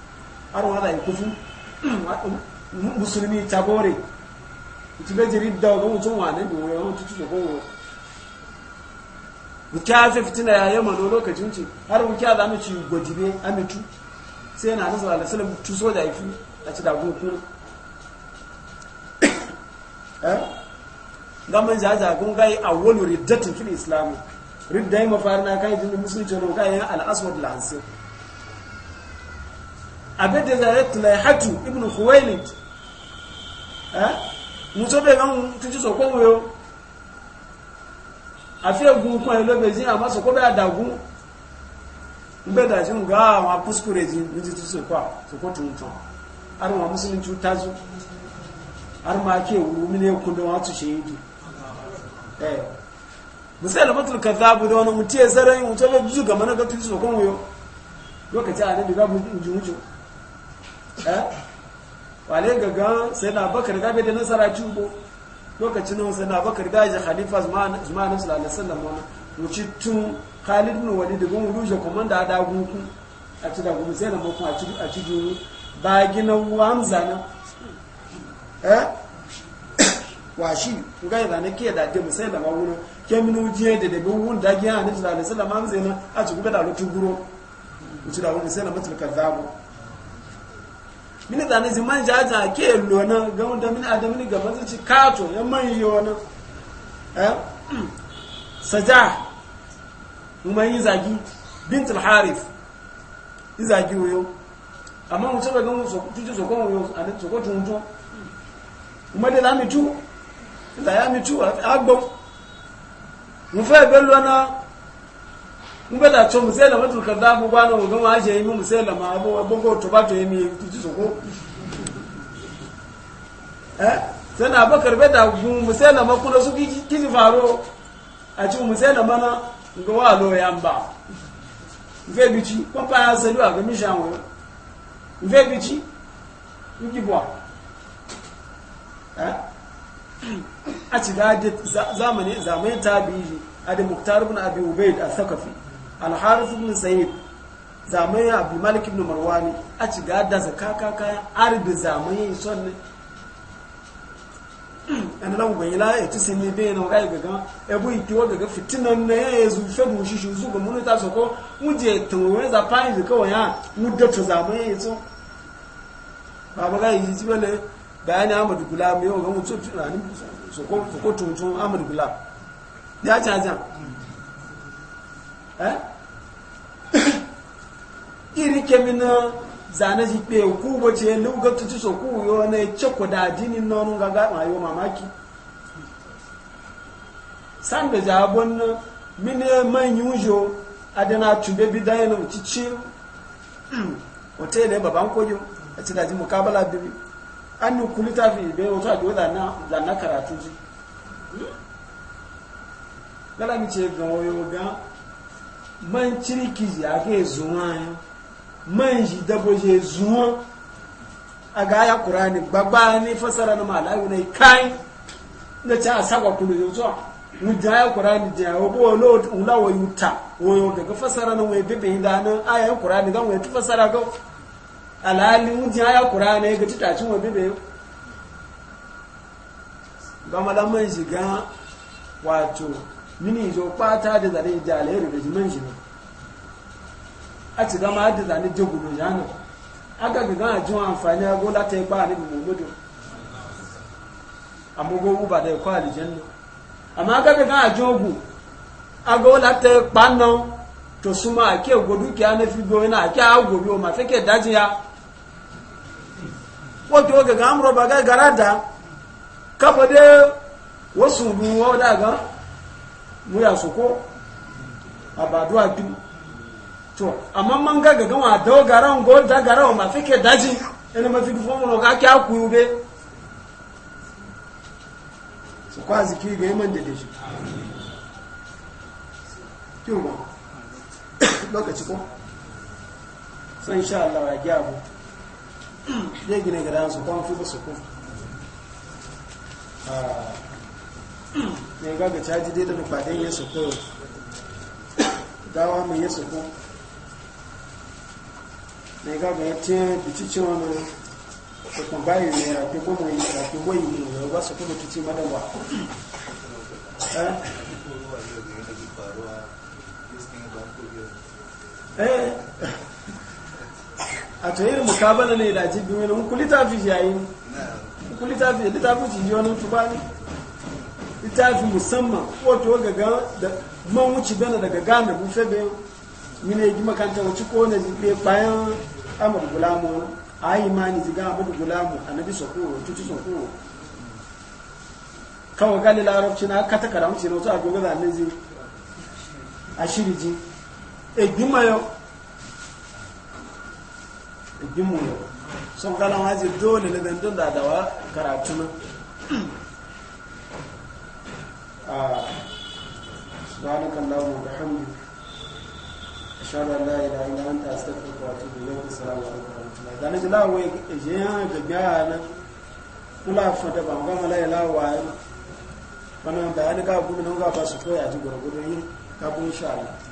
S1: har wala ya kufu musulmi tagore ti be jiri da ga mutun wa ne biyo ya mutu ko mutiya sai fitina ya yamma no lokacin ci har mutiya za zamu ci godibe amitu sai na nasu ala sallam tu so da ifi a ci da goku eh gaman jaja kun kai awwalu riddatin fil islam riddai mafarna kai jin musulunci ro kai al aswad al abede zaret laihatu ibnu khuwailid muso be gan tuju so afi e ama so ko be adagun nbe da jin ga àwọn puskure ji ni ti so ko so ko tun to ar wa muslim ju tazu ar ma ke wu mi ne ko do wa tu sheyidu eh misali mutul kadhabu da wani mutiye zarai mutu be ju ga mana ga tuju so ko lokaci a ne Eh? wale gaga sai na bakar gabe da nasara cubo lokacin nan sai na bakar gaje khalifa zmanin sallallahu alaihi wasallam wuci tun khalid ibn walid da gumu kuma da ada guku a ci da gumu sai na mafi a ci a ci juru ba gina wamza na eh washi ga yi zane ke da mu sai da mawuna keminu jiye da daga wun da giya ne sallallahu alaihi wasallam amzena a ci gugu da lutu guro ci da wani sai na mutul kazzabu mini zane zi man jaja ke lona gamu da mini adam mini gaban zuci kato ya man yi wani eh? hmm. saja mun yi zagi bint al yi zagi wuyo amma mu tsaba gamu so tuju wuyo anan so ko tunto kuma da lami da ya mi tu agbo mu fa be lona Eh? da cho musela watu kadabu bwana ugoma aje yimi musela ma bongo tobato yimi tisoko eh sana abakar da gun musela ma kuna su kiji faro a ci musela mana ga walo yamba nve bici kwa pa salu aga mi janwo nve bici ngi bwa eh a ci da zamani zamani tabi'i adi muktar ibn abi ubayd al-thaqafi alharis ibn sa'id abu malik ibn marwani a ci gada zaka kaka arbi son ne ya ci bai na gaga wa gaga fitinan ya shi ta soko za da kawai ya mu to ya so ga yi bayani amadu yau ga soko tuntun amadu ya ci eh iri kemina zane ji pe ku bo ce luga tutu so ku yo ne choko da dini nonu gaga ma yo mamaki san da jabon mine man yujo adana tube bidaye no cici hotel baban kojo a ci da ji mukabala bibi an yi kulita fi bai wata da wadda zanna karatu ji gala mi ce gan. wayo ga man ciriki ji aka ezuwa ya man ji dabo ji ezuwa a ga ya kurani gbagba ni fasara na malawi na ikai na ci a sagwa kudu yau zuwa wujja ya kurani ji a wabo wani ulawa yuta wayo daga fasara na wai bebe da nan ayan kurani gan wai fasara gan alhali wujja ya kurani ga tutacin wai bebe yau ga malaman shiga wato mini jo pata da zane jale da jiman shi ne a ci gama da zane jagudu jano aka ga gana jin amfani a gola ta yi ba ne muhammadu a mugogu ba da ya kwa alijanna amma aga ga gana jogu a gola ta yi kpanon to suma a ke godu ki ana fi goyi na a ke a gobi o mafi ke daji ya wato oge ga amuro ba ga garada kafa dai wasu ruwa da gan muya su ko a ba duwa biyu to amma man gaga wa dawo gara wa go da gara wa mafi ke daji ina mafi dufo mu ga haku yi ube su kwa ziki ga yi man da kyau ma lokaci ko san sha Allah ya bu zai gina gara su kwan fi ba su ko ah. ne ga ga caji dai da nufaɗin ya suko dawa mai ya suko ne ga ga ya ce bicicin wani sukun bayi ne rafi goma yi rafi goyi ne ba su kuma tuci madawa eh? eh? a to irin mukabala ne da ajibin wani kulita fi yayin kulita fi littafin jiyonin tubani littafi musamman wato gaga da man wuce bana daga gane bufe bayan mine yi makanta wuce ko ne jibe bayan amur gulamu a yi mani ziga amur gulamu a nabi sokoro tutu sokoro kawai gani larabci na kata kara wuce na wasu a gogo zanen zai a shiri ji egbima yau e juma yau sun kala waje dole na dandun da adawa karatu na سبحانك اللهم وبحمدك أشهد أن لا إله إلا أنت أستغفرك وأتوب إليك السلام عليكم ورحمة الله دانا جلا وي جيان دبيانا kula fada ban gama la ila wayo bana bayani ka gudu nan ga ba su koya ji gurgudu yin ka bun sha Allah